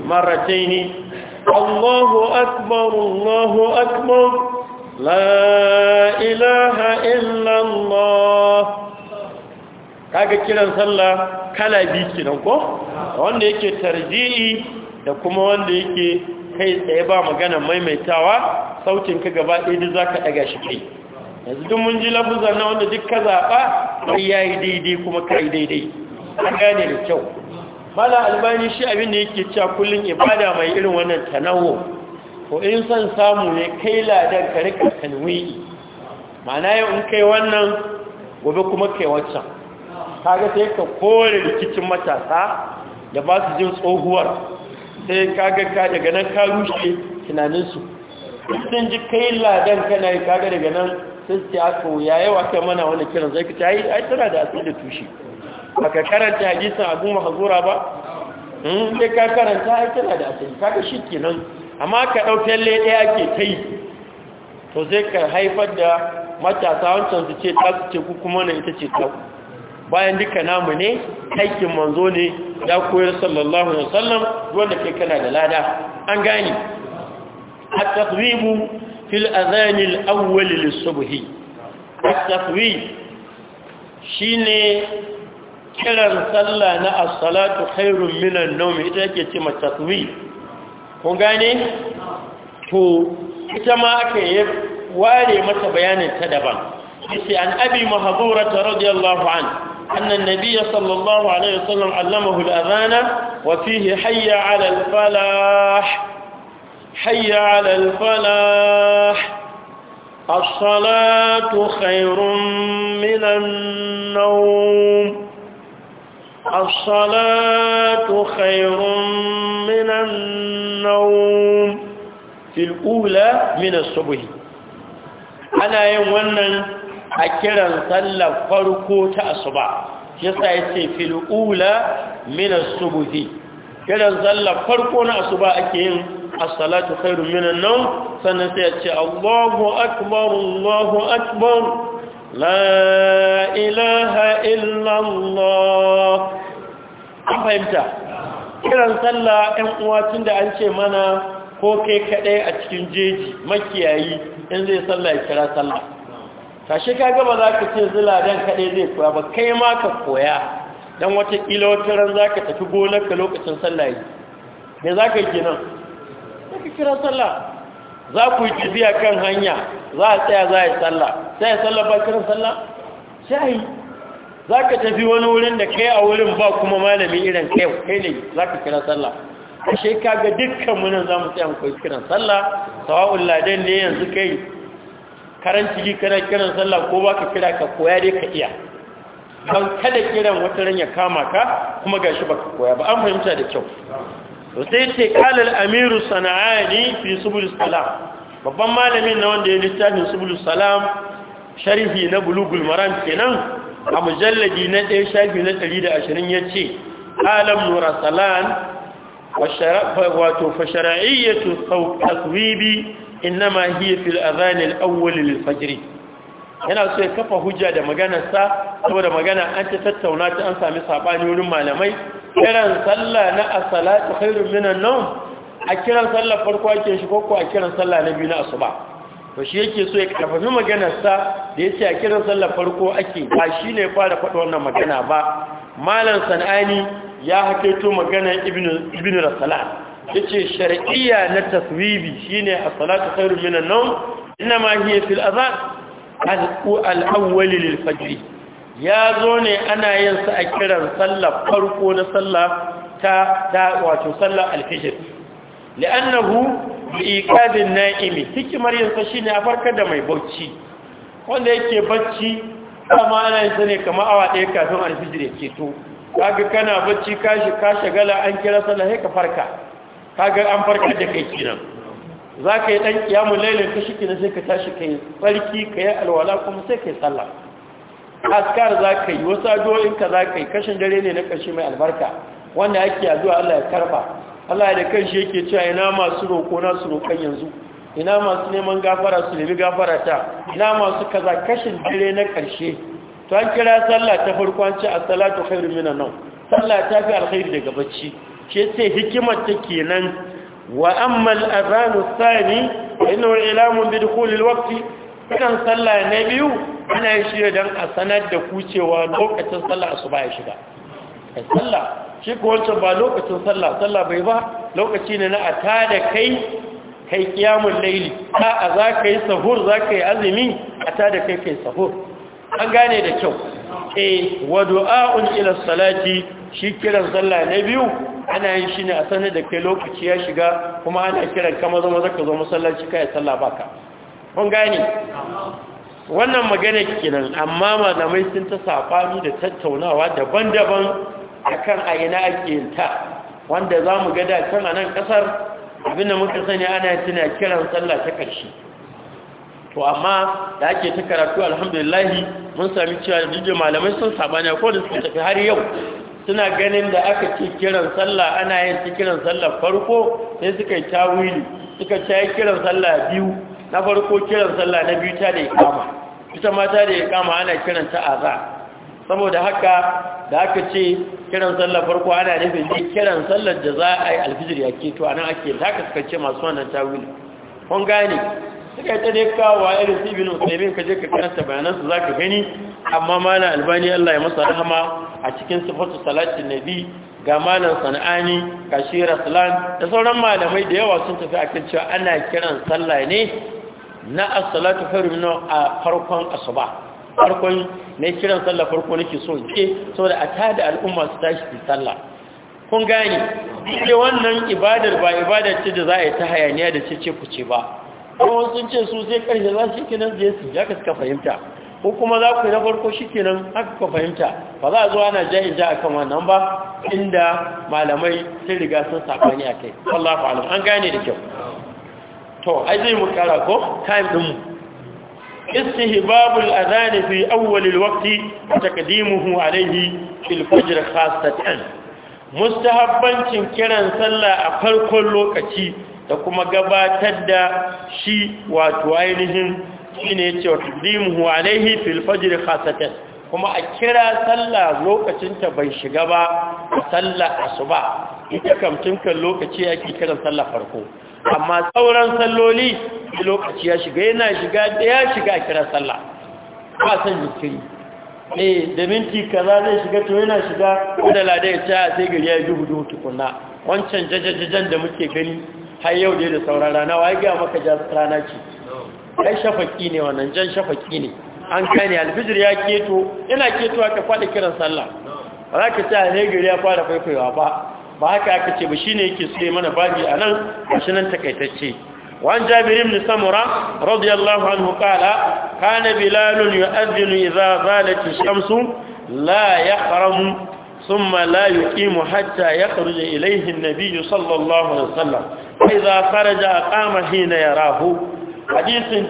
marataini Allahu akbar Allahu akbar la ilaha illa kaga kiran sallah kala biyu kenan ko wanda yake tarji'i da kuma wanda yake kai tsaye ba magana maimaitawa sautin ka gaba ɗaya za ka ɗaga shi kai yanzu duk mun ji labuzan na wanda duk ka zaɓa sai ya yi daidai kuma ka yi daidai an gane da kyau mala albani shi abin da yake cewa kullun ibada mai irin wannan tanawo ko in san samu ne kai ladan ka rika tanwi mana yau in kai wannan gobe kuma kai waccan kaga sai ka kore rikicin matasa da ba su jin tsohuwar sai kaga ka daga nan ka rushe tunaninsu sun ji kai ladan kana yi kaga daga nan sun ce aka yayewa kai mana wani kiran zai ka ta yi tana da asali da tushe Ba ka karanta hadisin abu mahzura ba hmm, in ka karanta ai kira da asali kaga nan. amma ka dauke le daya ke kai to sai ka haifar da matasa wancan su ce ta ce ku kuma na ita ce ta bayan duka namu ne aikin manzo ne ya koyar sallallahu alaihi wasallam wanda kai kana da lada an gane at taqwimu fil adhan al-awwal lis-subhi at taqwim shine kiran sallah na as-salatu khairun minan nawm ita yake ce mata tasmi kun gane to ita ma aka yi ware mata bayanin ta daban sai an abi mahdura radiyallahu anhu أن النبي صلى الله عليه وسلم علمه الأذان وفيه حي على الفلاح حي على الفلاح الصلاة خير من النوم الصلاة خير من النوم في الأولى من الصبح أنا يوانا أكرا صلى فرقوة الصباح yasa ya ce fil'ula minas subuhi kiran zalla farko na asuba ake yin as-salatu khairu minan sannan sai ce Allahu akbar Allahu akbar la ilaha illallah an fahimta kiran sallah 'yan uwa tun da an ce mana ko kai kaɗai a cikin jeji makiyayi in zai sallah ya kira sallah tashi ka gaba za ka ce zila dan kaɗai zai koya ba kai ma ka koya don watakila wata ran za ka tafi gonarka lokacin sallah yi me za ka yi nan? ka kira sallah za ku yi tafiya kan hanya za a tsaya za a yi sallah sai sallah ba kiran sallah sai za ka tafi wani wurin da kai a wurin ba kuma malami irin kai kai ne za ka kira sallah ashe ga dukkan munan za mu tsaya mu koyi kiran sallah sawa'ul ladan ne yanzu kai karanci ji kana kiran sallah ko ba ka kira ka koya dai ka iya Kan kada kiran wata ya kama ka kuma gashi baka koya ba an fahimta da kyau sai ce kalal amiru sana'ani fi subul salam babban malamin na wanda ya littafin subul salam sharhi na bulugul maram kenan a mujalladi na ɗaya shafi na 120 ya ce alam nura salan wato fashara'iyyatu taswibi innama hiya fil adhan al lil fajr yana so ya kafa hujja da maganarsa saboda magana an ta tattauna ta an sami sabani wurin malamai kiran sallah na as-salatu khairun minan nawm a kiran sallah farko ake shi ko a kiran sallah na biyu na asuba to shi yake so ya karfafi maganar sa da yace a kiran sallah farko ake ba shine fara fada wannan magana ba malam sanani ya hakaito maganar ibnu ibnu rasalan yace shar'iyya na taswibi shine as-salatu khairun minan nawm inma hiya fil adhan al-awwal lil fajr ya zo ne ana yin sa a kiran sallar farko na sallah ta da wato sallar alfijir li'annahu biqadin na'imi hikimar yin sa shine a farkar da mai bacci wanda yake bacci kuma ana yin sa ne kamar awa ɗaya kafin alfijir yake to kaga kana bacci ka shagala an kira sallah sai ka farka kaga an farka da kai kenan zaka yi dan kiyamu lailin ka shi kina sai ka tashi kai farki kai alwala kuma sai kai sallah askar za ka yi wasu addu'o'inka za ka yi kashin dare ne na ƙarshe mai albarka wanda ake addu'a Allah ya karba Allah da kanshi yake cewa ina masu roko na su roƙon yanzu ina masu neman gafara su nemi gafara ta ina masu kaza kashin dare na karshe to an kira sallah ta farko an ce as-salatu khairu minan naw sallah ta fi alkhairi daga bacci ce sai hikimar ta kenan wa amma al-adhanu thani inna ilamun bi waqti kiran sallah na biyu ana yi shi don a sanar da ku cewa lokacin sallah su ba ya shiga Kai sallah shi ko wancan ba lokacin sallah sallah bai ba lokaci ne na a ta da kai kai kiyamun laili ta a za ka yi sahur za ka yi azumi a ta da kai kai sahur an gane da kyau e wa du'a'un ila salati shi kiran sallah na biyu ana yin shi ne a sanar da kai lokaci ya shiga kuma ana kiran kama zama zaka zo masallaci kai sallah baka kun gane wannan magana kenan amma malamai sun ta sabani da tattaunawa daban-daban akan a ina ake yin ta wanda za mu ga dacen a nan ƙasar abinda muka sani ana tuna kiran sallah ta ƙarshe to amma da ake ta karatu alhamdulillah, mun sami cewa jijiyar malamai sun sabani ko da su tafi har yau suna ganin da aka ce kiran sallah ana yin ta kiran sallah farko sai suka yi tawili suka ce kiran sallah biyu na farko kiran sallah na biyu ta da ikama ita ma ta da ikama ana kiran ta azan saboda haka da aka ce kiran sallah farko ana nufin ne kiran sallah da za a yi alfijir ya ke to anan ake haka suka ce masu wannan tawili kun gane suka ta dai kawo irin su ibn usaimin ka je ka karanta bayanan su za ka gani amma mana albani Allah ya masa rahama a cikin sifatu salatin nabi ga malam sana'ani ga salan da sauran malamai da yawa sun tafi a kan cewa ana kiran sallah ne na asalatu salatu a farkon asuba farkon ne kiran sallah farko nake so ke saboda a tada al'umma su tashi su sallah kun gane ke wannan ibadar ba ibadar ce da za a yi ta hayaniya da ce ku ce ba kuma sun ce su sai karshe za shi kenan zai su ya ka fahimta ko kuma za ku yi na farko shi kenan haka ka fahimta ba za a zuwa ana in ja a akan wannan ba inda malamai sun riga sun saɓani a kai Allah fa'alam an gane da kyau to ai zai mu kara ko time din mu istihbabul adhan fi awwal alwaqt taqdimuhu alayhi fil fajr khassatan mustahabbancin kiran sallah a farkon lokaci da kuma gabatar da shi wato ainihin shine yace wa taqdimuhu alayhi fil fajr khassatan kuma a kira sallah lokacinta bai shiga ba sallah asuba ita kamtin kan lokaci ake kiran sallah farko amma sauran salloli lokaci ya shiga yana shiga ya shiga kira sallah ba san jikiri eh da minti kaza zai shiga to yana shiga da lada ya ta sai gari ya duhu duhu tukunna wancan jajajajan da muke gani har yau dai da sauran rana wai ga maka ja rana ce kai shafaki ne wannan jan shafaki ne an kane alfijir ya keto yana keto ka fadi kiran sallah ba za ka ta ne gari ya fara faifaiwa ba ba haka aka ce ba shi ne yake suke mana babi a nan ashe nan takaitacce wani jabirin nisamura radiyallahu an hukala kane bilalun yi azinu iza zalatin shamsu la ya haramu sun ma la yi ƙimu hajja ya ƙarje ilaihin nabiyu sallallahu alaihi sallam ba iza faraja a ƙama hina ya rahu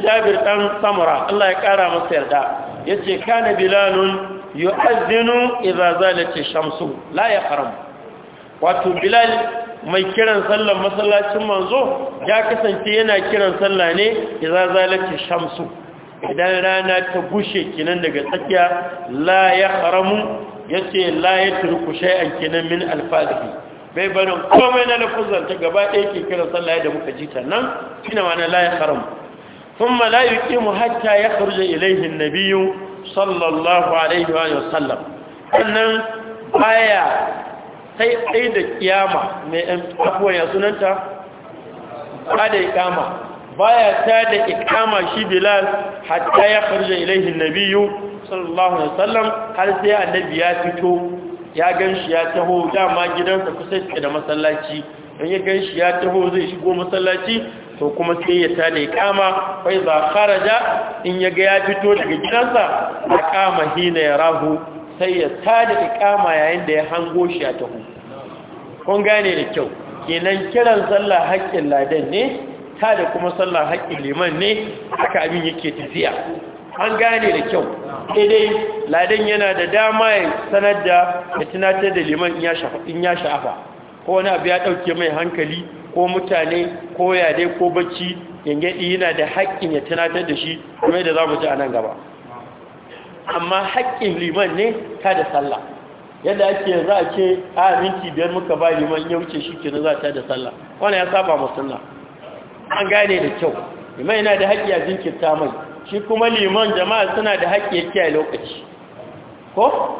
jabir ɗan samura allah ya ƙara masa yarda ya ce kane bilalun yi azinu iza zalatin shamsu la ya haramu wato bilal mai kiran sallar masallacin manzo ya kasance yana kiran sallah ne idza zalati shamsu idan rana ta gushe kinan daga tsakiya la yahramu yace la yatruku shay'an kinan min alfazihi bai barin komai na lafuzan ta gaba ɗaya ke kiran sallah da muka ji ta nan ina ma na la yahramu thumma la yuqimu hatta yakhruja ilayhi an-nabiyyu sallallahu alaihi wa sallam wannan baya sai tsaye da kiyama mai afuwa ya sunanta ba da ikama ya ta da ikama shi bilal hatta ya farja ilaihin nabiyu sallallahu alaihi wasallam har sai annabi ya fito ya ganshi ya taho dama gidansa kusa da masallaci in ya ganshi ya taho zai shigo masallaci to kuma sai ya tada ikama kai za kharaja in ya ga ya fito daga gidansa kama hina ya rahu sai ya da ikama yayin da ya hango shi a taho kun gane da kyau kenan kiran sallah haƙƙin ladan ne da kuma sallah haƙƙin liman ne haka abin yake tafiya an gane da kyau idai ladan yana da dama ya sanar da ya tunatar da liman in ya sha'afa ko wani abu ya ɗauke mai hankali ko mutane ko yade ko bacci yangaɗi yana da haƙƙin ya tunatar da shi kuma da za mu ji a nan gaba amma haƙƙin liman ne ta da sallah yadda ake yanzu a ce a minti biyar muka ba liman ya wuce shi ke za ta da sallah wani ya saba musulla an gane da kyau liman yana da haƙƙi a jinkirta mai shi kuma liman jama'a suna da haƙƙi ya kiyaye lokaci ko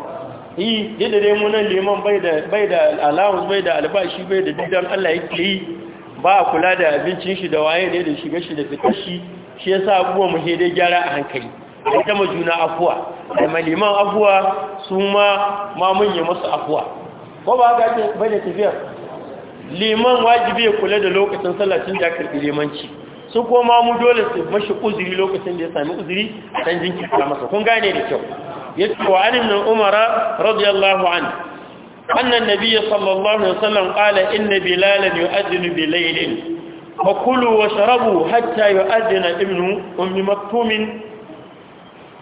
yi yadda dai munan liman bai da allowance bai da albashi bai da didan allah ya ke yi ba a kula da abincin shi da waye ne da shiga shi da fitar shi shi ya sa abubuwan mu dai gyara a hankali da ita ma juna afuwa da maliman afuwa su ma mamun yi masu afuwa ko ba ga ce bane tafiya liman wajibi ya kula da lokacin sallacin da karbi limanci su koma mu dole su mashi uzuri lokacin da ya sami uzuri dan jinkirta masa kun gane da kyau yace wa anin nan umara radiyallahu anhu anna an-nabiy sallallahu alaihi wasallam qala inna bilalan yu'adhdhinu bi laylin wa واشربوا hatta يؤذن ibnu ummi maktumin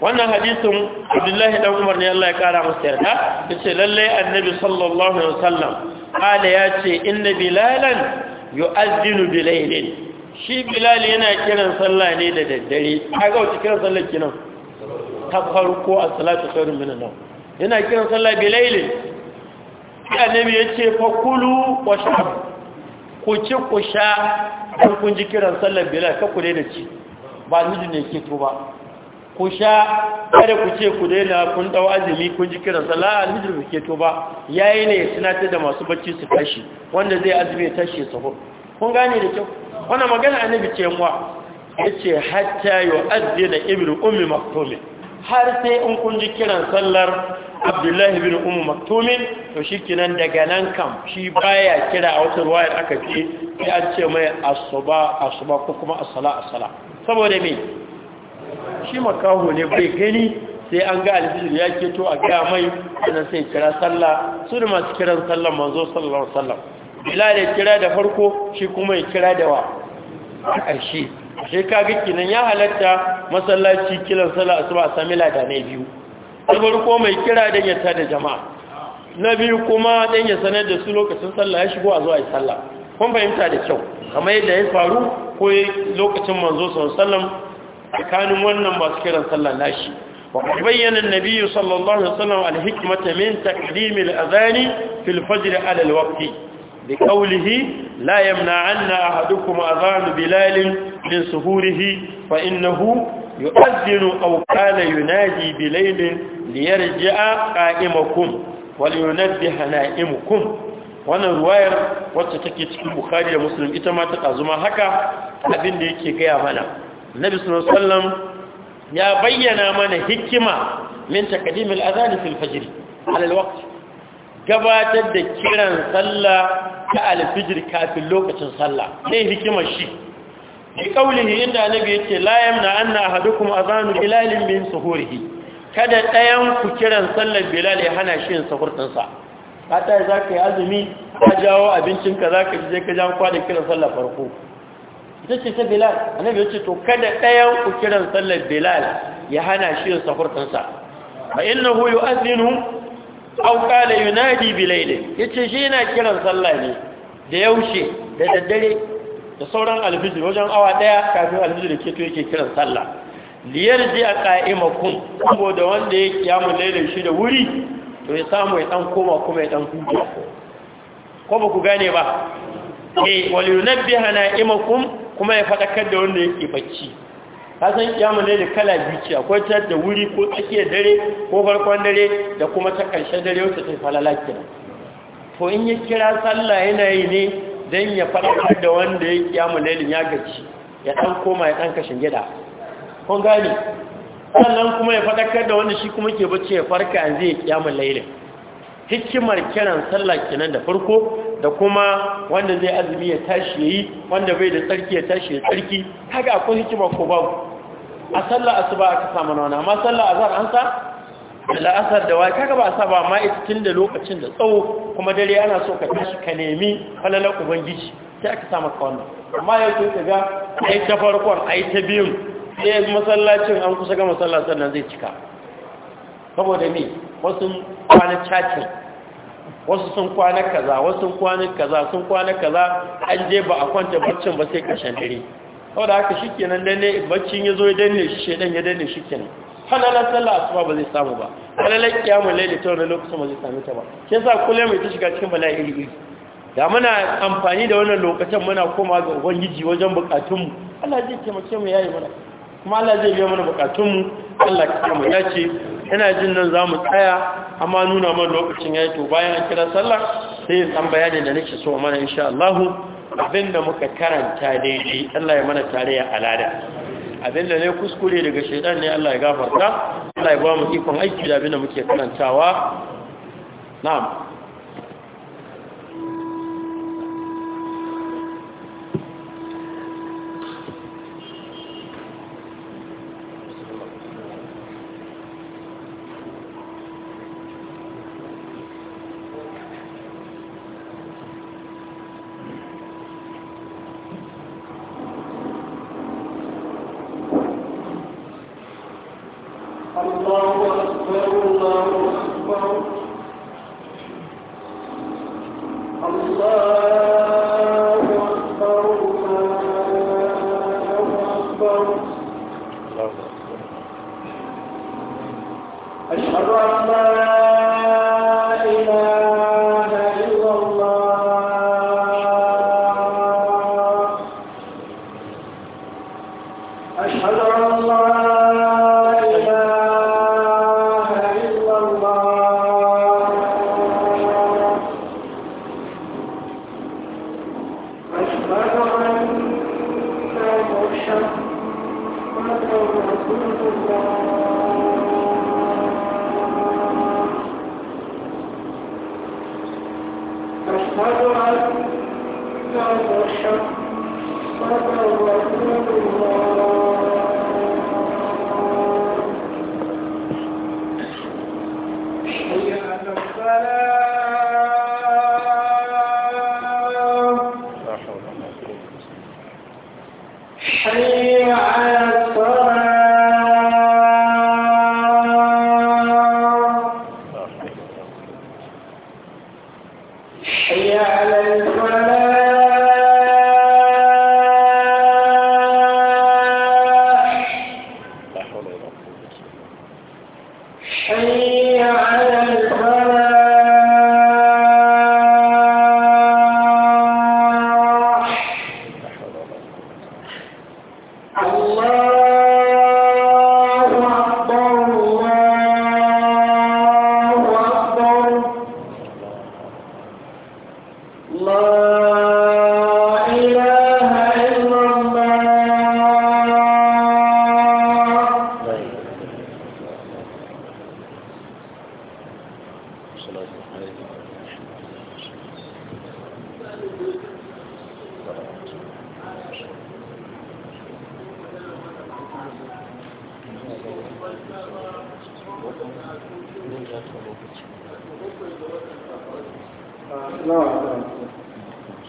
wannan hadisin abdullahi dan umar ne Allah ya kara masa yarda yace lalle annabi sallallahu alaihi wasallam kala yace inna bilalan yu'adhdhinu bilaylin shi bilal yana kiran sallah ne da daddare kaga wace kiran sallah kinan ta farko a salatu sirrin min nan yana kiran sallah bilaylin annabi yace wa washab ku ci ku sha kun ji kiran sallar bilal ka ku da ci ba miji ne ke to ba ku sha kada ku ce ku daina kun dau azumi kun ji kiran sallah alhijir ba ke to ba yayi ne tunatar da masu bacci su tashi wanda zai azumi ya tashi sahur kun gane da kyau wannan magana annabi ce muwa yace hatta yu'azzina ibnu ummi maktum har sai in kun ji kiran sallar abdullahi bin Ummi maktum to shi kinan daga nan kam shi baya kira a wata ruwayar aka ce sai an ce mai asuba asuba ko kuma sala as sala saboda me shi makaho ne bai gani sai an ga alfijir ya keto a gamai mai sai kira sallah su da masu kiran sallah manzo sallallahu sallam bilal ya kira da farko shi kuma ya kira da wa a ƙarshe ka ga kinan ya halatta masallaci kiran sallah asuba a sami lada na biyu da farko mai kira dan ya tada jama'a na biyu kuma dan ya sanar da su lokacin sallah ya shigo a zuwa sallah kun fahimta da kyau kamar yadda ya faru ko lokacin manzo sallallahu tsakanin wannan ba su kiran sallar lashi bayyana nabi sallallahu al wasallam alhikmata min taqdimil azani fil fajr ala alwaqti bi qawlihi la yamna'anna ahadukum adhan bilal min suhurihi fa innahu yu'adhdhiru aw qala yunadi bilal liyarji'a qa'imakum wal yunabbiha na'imukum wannan ruwayar wacce take cikin bukhari da muslim ita ma ta kazuma haka abin da yake gaya mana nabi sallallahu ya bayyana mana hikima min taqdim al-adhan fi gabatar da kiran sallah ta alfijir kafin lokacin sallah ne hikimar shi bi qawlihi inda annabi yace la kuma anna ahadukum adhanu bilal min suhurihi kada ɗayan ku kiran sallar bilal ya hana shi suhurtin sa ka tayi yi azumi ka jawo abincin ka zaka je ka jawo kwa da kiran sallar farko ita ce ta bilal annabi ya ce to kada ɗayan ku kiran sallar bilal ya hana shi yin sahurtansa fa innahu yu'adhinu aw qala yunadi bilayl yace shi yana kiran sallah ne da yaushe da daddare da sauran alfijir wajen awa daya kafin alfijir ke to yake kiran sallah liyar ji a ƙa'imakun saboda wanda ya kiyamun lailin shi da wuri to ya samu ya ɗan koma kuma ya ɗan hujja ko ba ku gane ba eh wal yunabbihana imakum kuma ya faɗakar da wanda yake bacci ka san kiyama ne da kala bici akwai ta da wuri ko tsakiyar dare ko farkon dare da kuma ta ƙarshen dare wata ta falala kira to in ya kira sallah yana yi ne don ya faɗakar da wanda ya kiyama ne ya gaci ya ɗan koma ya ɗan kashin gida kun gani sannan kuma ya faɗakar da wanda shi kuma ke bacci ya farka yanzu ya kiyama lailin hikimar kiran sallah kenan da farko da kuma wanda zai azumi ya tashi yayi wanda bai da tsarki ya tashi ya tsarki kaga akwai hikima ko babu a sallah asuba aka samu na wani amma sallah azhar an sa la la'asar da wai kaga ba a sa ba amma ita tun da lokacin da tsawo kuma dare ana so ka tashi ka nemi falalar ubangiji sai aka samu maka wannan amma yau sai ka ga ai ta farkon ai ta biyun sai masallacin an kusa ga masallacin sannan zai cika saboda ne wasu kwana cacin wasu sun kwana kaza wasu sun kwana kaza sun kwana kaza an je ba a kwanta baccin ba sai ƙarshen dare saboda haka shikenan ne baccin ya zo ya danne shi shedan ya danne shikenan halala sallah asuba ba zai samu ba halala kiyamul laili ta wani lokacin ba zai sami ta ba shi yasa kullum mai ta shiga cikin bala'i iri iri da muna amfani da wannan lokacin muna koma ga ubangiji wajen mu Allah zai taimake mu yayi mana kuma Allah zai biya mana mu Allah ya ya ce. ina jin nan za mu tsaya amma nuna man lokacin ya yi to bayan an kira sallah sai san bayanin da nake so mana insha Allah abinda muka karanta daidai Allah ya mana tarayya alada abinda ne kuskure daga shaiɗan ne Allah ya gafarta Allah ya ba mu ikon aiki da abinda muke karantawa na'am أشهد أن لا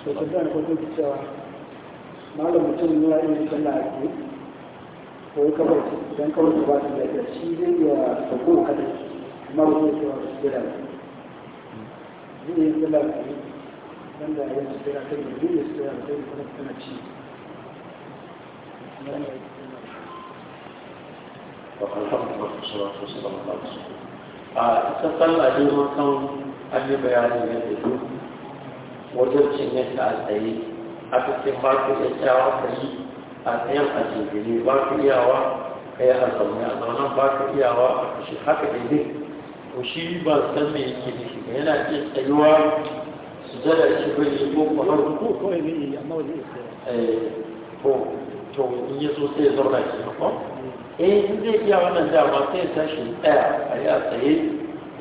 to tambaya na farko cewa malam mutum ne ya yi sallah a biyu ko ya kawai idan kawai ta ba su lafiya shi zai iya sako kada amma ba zai cewa su jira ba zai yi sallah a biyu dan da ya su jira kai zai yi su jira kai kuma tana ci a ita sallah dai mun san bayanin yadda duk wajibcin yin a tsaye a cikin ba ku iya kyawa ka a tsayen a jirgin ba ku iyawa ka yi a zaune a zaunan ba ku iyawa a kashi haka daidai to shi ba san mai yake da ba yana iya tsayuwa su jada shi ba ne ko kwanar ko ko ne yi amma wani ko eh, to in ya so sai ya zauna shi ko hmm. eh in zai iya wannan dama sai ya tashi tsaya a yi a tsaye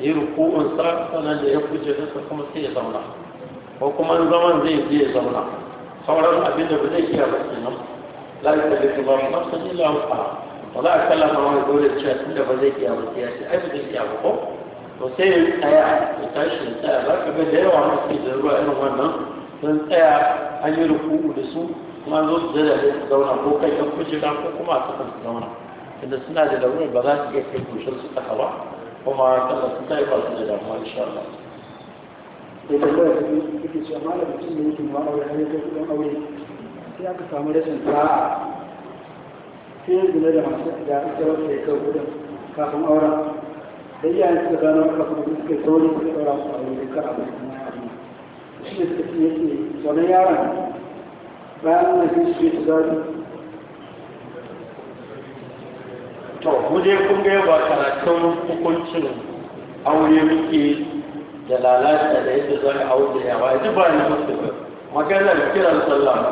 ya yi ruku'unsa sannan da ya kuje nasa kuma sai ya zauna ko kuma zaman zai je zauna sauran abin da ba zai iya ba kenan la ya kalli kuma nafsan illa wusa ba za a kallama wani dole cewa tun da ba zai iya ba sai ya ce ai ba zai iya ba ko to sai ya tsaya ya tashi ya tsaya za ka ga da yawa masu da ruwa irin wannan sun tsaya an yi rukuku da su kuma zo su zada su zauna ko kai ɗan kujera ko kuma a kasan su zauna inda suna da launin ba za su iya kai kushin su ƙasa ba kuma sannan su ta yi ba su da damuwa insha Allah ya tambaya ta biyu yake cewa malam mutum da yake ma aure kai kudin aure sai aka samu rashin sa'a sai ya da masu da ita wata ya kai kudin kafin auren da iyayen suka gano aka kuma suka sauri ɗaura su aure da ka abu shi ne suka ce yake wani yaron bayan shi su to mu dai kun ga karatun hukuncin aure muke جلالات أدعيت ذلك أعود لها ويجب أن نفسك مكان الكرة الصلاة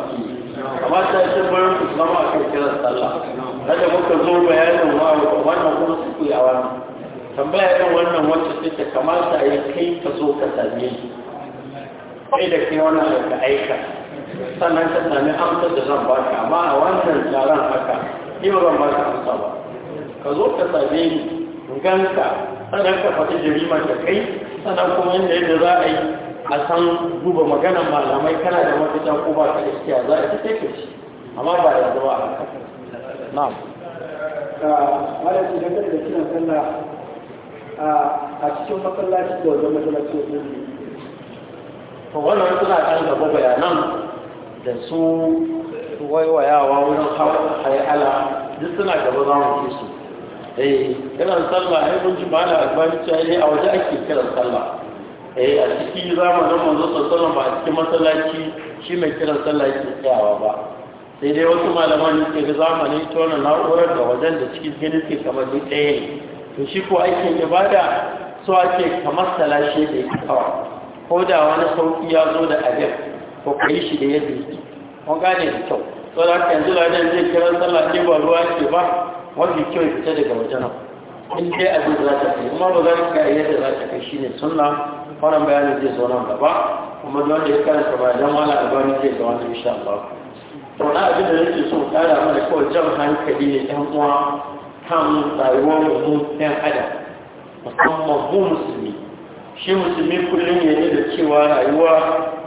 كما تأتبعون إسلام أكل كرة الصلاة هذا ممكن ذو بيان وانا أقول سكوي أوانا tambaya kan wannan wacce take kamata a yi kai ka so ka same shi kai da kai wani aika aika sannan ka sami amsar da zan baka amma a wannan taron haka yau zan baka amsa ba ka zo ka same ni ganka sannan ka faɗi jirima da kai sannan kuma yadda yadda za a yi a san duba maganar malamai kana da mafita ko ba ka gaskiya za a ci sai ka ci amma ba yanzu ba a haka na'am ka mara ci da da kiran sallah a cikin masallaci da wajen masallaci wajen ne to wannan suna kan gaba bayanan da su waiwayawa wurin hawa ala duk suna gaba za mu ci su eh kiran sallah ai mun ji mala albani cewa ne eh, a waje ake kiran sallah eh a cikin zamanin manzo sallallahu ba a cikin masallaci shi mai kiran sallah yake tsayawa ba sai dai wasu malaman ne ga zamanin tona na'urar da wajen da cikin gini ke kamar ni ɗaya ne to shi ko aikin ibada so ake kamar salashe da ya kawa ko da wani sauƙi ya zo da abin ko kai shi da yadda yake kun gane da kyau so da haka yanzu da zai kiran sallah ne ruwa ke ba mafi kyau ya fita daga wajen in dai abin za ta kai kuma ba za ka kai yadda za ta kai shine sunna wannan bayanin zai zo nan gaba kuma don da ya karanta bayan wani albani zai zo wannan insha Allah to na abin da nake so kara mana kawai jan hankali ne ɗan uwa kan rayuwar mu ɗan adam musamman mu musulmi shi musulmi kullum ya yi da cewa rayuwa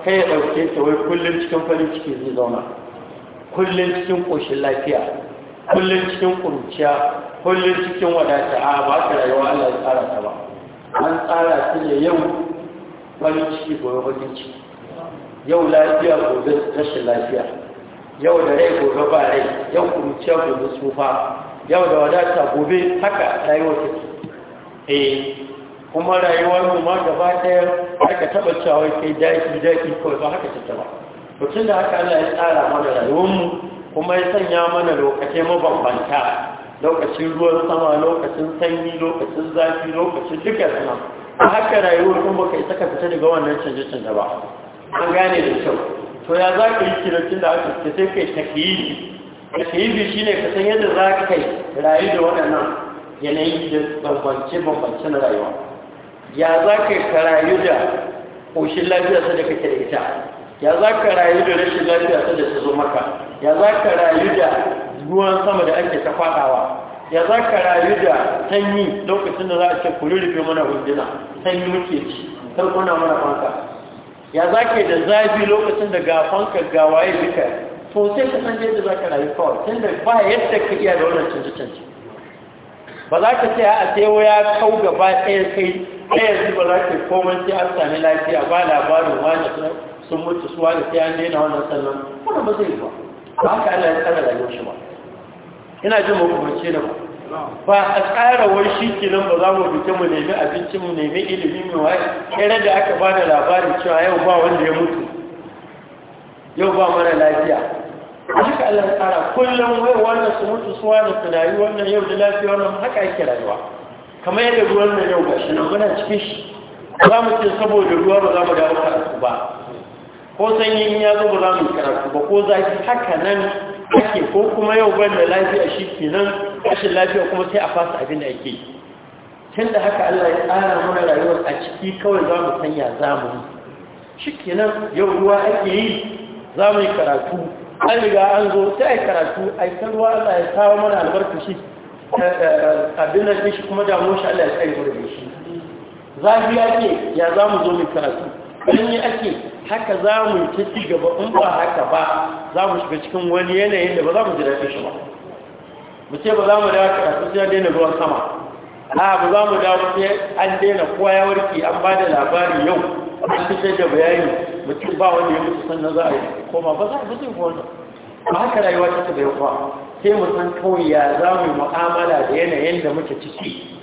kai ya ɗauke ta wai kullum cikin farin ciki zai zauna kullum cikin ƙoshin lafiya kullum cikin ƙuruciya kullum cikin wadata a ba ta rayuwa Allah ya tsara ta ba an tsara shi ne yau wani ciki gobe bakin ciki yau lafiya gobe rashin lafiya yau da rai gobe ba rai yau ƙuruciya gobe tsufa yau da wadata gobe haka rayuwa ke eh kuma rayuwar mu ma gaba ɗaya aka taɓa cewa kai daki daki kawai ba haka ta ba mutum da haka Allah ya tsara mana rayuwar mu kuma ya sanya mana lokacin mabambanta lokacin ruwan sama lokacin sanyi lokacin zafi lokacin duka suna a haka rayuwar kun baka isa ka fita daga wannan canje-canje ba an gane da kyau to ya za ka yi kiracin da aka fita sai kai takiyi bi shi ne ka san yadda za ka yi rayu da waɗannan yanayi da bambance-bambancen rayuwa ya za ka yi ka rayu da ƙoshin lafiyarsa da kake da ita ya za ka rayu da rashin lafiya ta da ta zo maka ya za ka rayu da ruwan sama da ake ta faɗawa ya za ka rayu da sanyi lokacin da za a ce kuri rufe mana hundina sanyi muke ci kuna mana fanka ya za ka da zafi lokacin da gafanka ga waye duka to sai ka san yadda za ka rayu kawai tun da ba yadda ka iya da wannan canje-canje ba za ka ce a sai ya kau gaba ɗaya kai ɗaya zuba za ka komai sai an sami lafiya ba labarin wani sun mutu suwa da sai an daina wannan sallan wannan ba zai ba ba haka Allah ya tsara rayuwar shi ba ina jin hukumance da ba ba a tsara wai shi nan ba za mu fita mu nemi abinci mu nemi ilimi mu wai kere da aka ba da labarin cewa yau ba wanda ya mutu yau ba mara lafiya haka Allah ya tsara kullum wai wannan su mutu suwa da su wannan yau da lafiya wannan haka yake rayuwa kamar yadda ruwan nan yau gashi nan muna cikin shi za mu ce saboda ruwa ba za mu dawo karatu ba ko san yin ya zo ba za mu karatu ba ko ki haka nan ake ko kuma yau ban da lafiya shi kenan rashin lafiya kuma sai a fasa abin da ake tun da haka Allah ya tsara mana rayuwar a ciki kawai za mu sanya za mu shi kenan yau ruwa ake yi za mu yi karatu an riga an zo sai a yi karatu a yi ruwa Allah ya kawo mana albarkashi eh, eh, abin da shi kuma damuwa shi Allah ya tsaye gurbin shi zafi ake ya za mu zo mu karatu don yi ake haka za mu ta ci gaba in ba haka ba za mu shiga cikin wani yanayin da ba za mu ji daɗin shi ba mu ce ba za mu dawo karatu sai ya daina ruwan sama a ba za mu dawo sai an daina kowa ya warke an ba da labari yau an fitar da bayani mutum ba wanda ya mutu sannan za a yi koma ba za a mutu ko wani ba haka rayuwa ta ta bayan kwa sai mu san kawai ya za mu yi mu'amala da yanayin da muke ciki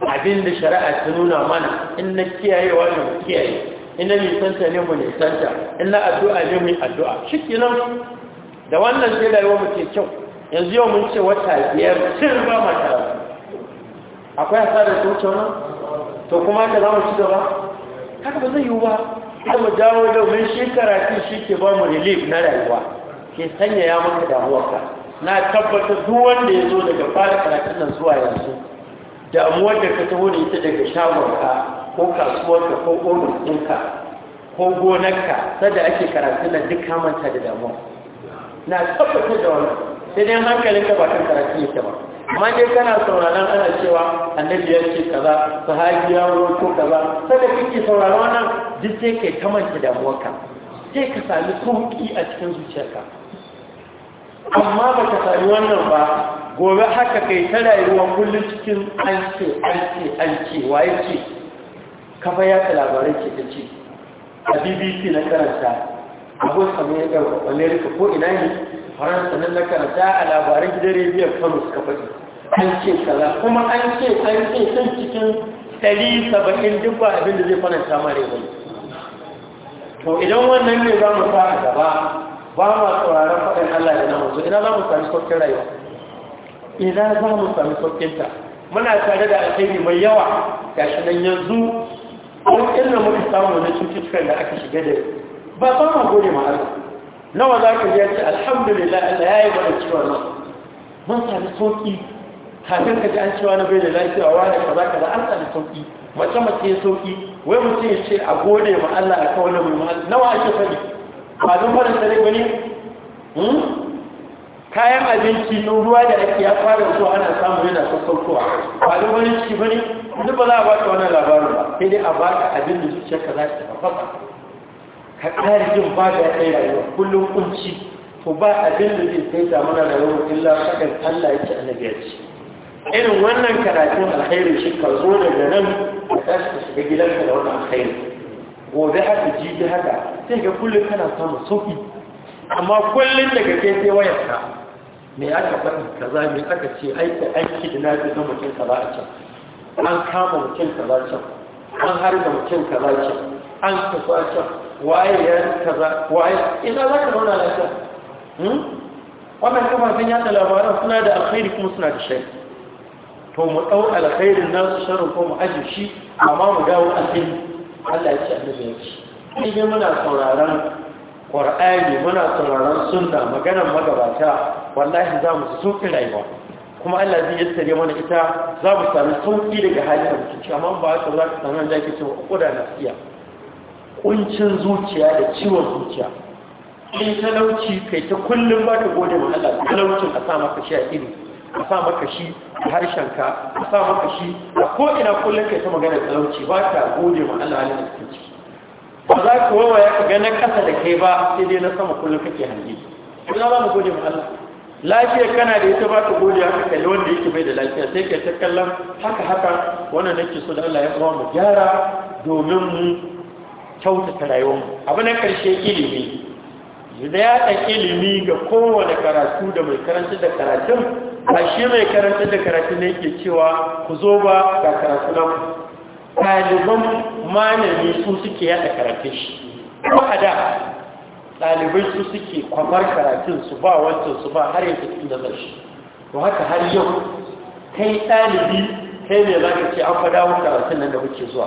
abin da shari'a ta nuna mana in na kiyayewa ne mu kiyaye ina santa ne mu santa ina addu'a ne mu addu'a shi kenan da wannan sai da mu ke kyau yanzu yau mun ce wata biyar sirri ba ma akwai asarar da wuce wannan to kuma ka za mu ci gaba haka ba zai yiwu ba har mu dawo mun shi karatu shi ke ba mu relief na rayuwa ke sanya ya maka damuwarka na tabbata duk wanda ya zo daga fara karatun nan zuwa yanzu damuwar da ka taho da ita daga ka. ko kasuwarka ko ofis ɗinka ko gonarka sadda ake karatu na duk kamanta da damuwa na tabbata da wannan sai dai hankalinka ba kan karatu yake ba amma dai kana sauraron ana cewa annabi ya ce kaza haji ya ko kaza sadda da sauraron wannan duk sai kai kamanta damuwa damuwarka sai ka sami sauki a cikin zuciyarka amma ba ka sami wannan ba gobe haka kai ta rayuwa kullum cikin an ce an ce an ce waye ce kafa ta labarai ke ta ce a bbc na karanta abuwa samu ya ga amerika ko ina ne faransa nan na karanta a labarai gidan rediyon kano suka faɗi an ce kaza kuma an ce an ce sun cikin ɗari saba'in duk abin da zai faranta mare bai to idan wannan ne za mu sa a gaba ba ma tsoron faɗin allah da namun so ina za mu sami sauƙin rayuwa ina za mu sami sauƙinta muna tare da alheri mai yawa gashi nan yanzu kuma inda muka samu na cututtukan da aka shiga da ba ba ma gode ma Allah nawa za ka ji ce alhamdulillah Allah ya yi bada ciwon nan mun sami sauki kafin ka ji an cewa na bai da lafiya wa da kaza kaza an sami sauki mace mace ya sauki wai mutum ya ce a gode ma Allah a kawai na mai nawa ake faɗi ba zan faranta ne ba ne hmm? kayan abinci na ruwa da ake ya fara zuwa ana samu yana sassaukowa ba da wani ciki ba ne duk ba za a baka wannan labarin ba sai dai a baka abin da su ka za ta tafafa. ka jin ba da kai rayuwa kullum kunci to ba abin da zai sai da mana rayuwa illa faɗin allah yake annabi ya ce irin wannan karatun alkhairi shi ka zo daga nan ka tashi ka shiga gidanka da wannan alkhairi gobe haka jiji haka sai ga kullum kana samun sauki amma kullum daga kai sai wayarka me ya tabbata kaza me aka ce aiki aiki da na fi na mutum kaza a can an kama mutum kaza can an harba mutum kaza can an kaza can waye ya kaza waye ina za ka zauna lafiya hmm? wannan kafafen yada labaran suna da alkhairi kuma suna da shari to mu ɗau alkhairin nasu sharin ko mu aji shi amma mu dawo alheri Allah ya ce annabi ya ce idan muna sauraron Qur'ani muna sauraron sunna maganar magabata wallahi za mu sauƙi rayuwa kuma Allah zai yassare mana ita za mu sami sauƙi daga halin da muke ciki amma ba haka za ka samu da ake cewa ƙuda na tsiya kuncin zuciya da ciwon zuciya in talauci kai ta kullum ba ka gode mana Allah talaucin a sa maka shi a iri a sa maka shi a harshenka a sa maka shi a ko'ina kullum kai ta magana talauci ba ka gode mana Allah halin da kake ciki ba za ka wawa ya ka ganin ƙasa da kai ba sai dai na sama kullum kake hange ina ba mu gode mana Allah lafiya kana da ita ba ta gode haka kalli wanda yake bai da lafiya sai kai ta kallon haka haka wannan nake so da Allah ya kawo mu gyara domin mu kyautata rayuwar abu na karshe ilimi da ya ta ilimi ga kowane karatu da mai karanta da karatun ba shi mai karanta da karatun ne yake cewa ku zo ba ga karatu na ɗaliban malami su suke yada karatun shi ko a da ɗalibai su suke kwamar karatun su ba wancan su ba har yanzu inda zarshi to haka har yau kai ɗalibi kai ne za ka ce an faɗa wa karatun nan da muke zuwa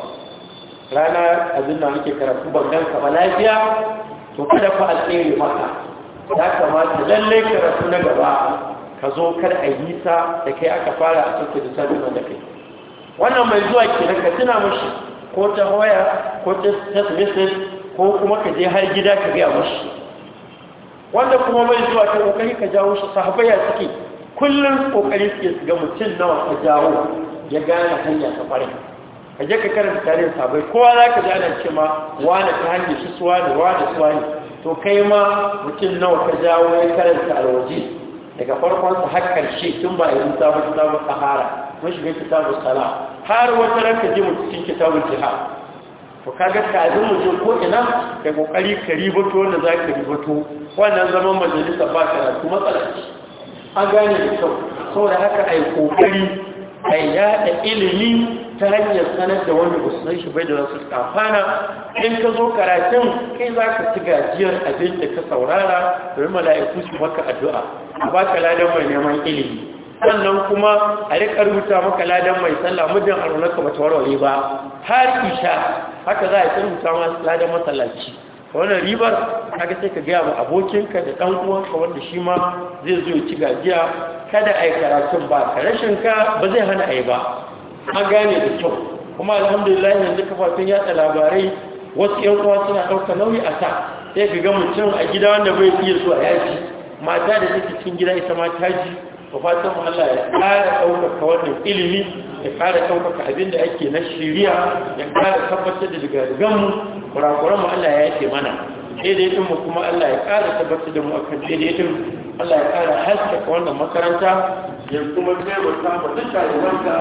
rana abin da muke karatu bangan ka ba lafiya to kada fa alƙairi maka ya kamata lallai karatu na gaba ka zo kar a yi da kai aka fara a cikin da da kai wannan mai zuwa ke ka tuna mashi ko ta hoya ko ta message ko kuma ka je har gida ka gaya mashi wanda kuma bai zuwa ta kokari ka jawo shi ya suke kullum kokari suke ga mutum nawa ka jawo ya gane hanya ta kwarai ka je ka karanta tarihin sabai kowa za ka ji ce ma wane ta hanyar shi suwa ne wane suwa ne to kai ma mutum nawa ka jawo ya karanta alwaji daga farkon sa har karshe tun ba yin sabon sabon sahara mun shiga kitabun sala har wata ranka ji mutum cikin kitabun jihar to kaga kazin mutum ko ina da kokari ka ribato wanda za ka ribato wannan zaman majalisa ba karatu matsala an gane da kyau saboda haka a yi kokari a yada ilimi ta hanyar sanar da wanda usulun shi bai da wasu kafana in ka zo karatun kai za ka ci gajiyar abin da ka saurara domin mala'iku su maka addu'a ba ka ladan mai neman ilimi sannan kuma a rika rubuta maka ladan mai sallah muddin arunarka bata warware ba har isha haka za a yi rubuta masu ladan masallaci wannan ribar haka sai ka gaya ma abokinka da ɗan uwanka wanda shi ma zai zo ci gajiya kada a yi karatun ba ka rashin ka ba zai hana a yi ba a gane da kyau kuma alhamdulillah yanzu kafafen yatsa labarai wasu yan uwa suna ɗauka nauyi a sa sai ka ga mutum a gida wanda bai iya zuwa yaji mata da take cikin gida ita ma ta ji ba fatan mu Allah ya ƙara ɗaukaka wannan ilimi ya ƙara ɗaukaka abin da ake na shiriya ya ƙara tabbatar da digadigan mu kurakuran mu Allah ya yake mana daidaitin mu kuma Allah ya ƙara tabbatar da mu akan daidaitin Allah ya ƙara haskaka wannan makaranta ya kuma kai wa samu duka da wanda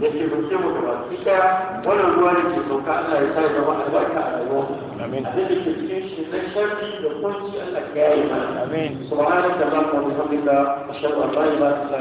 da ce mun ce mutu ba wannan ruwa da ke sauka Allah ya sa zama albarka a rayuwa amin da ke cikin shi na sharri da kunci Allah ya yi mana amin subhanaka allahumma wa bihamdika ashhadu an la ilaha illa anta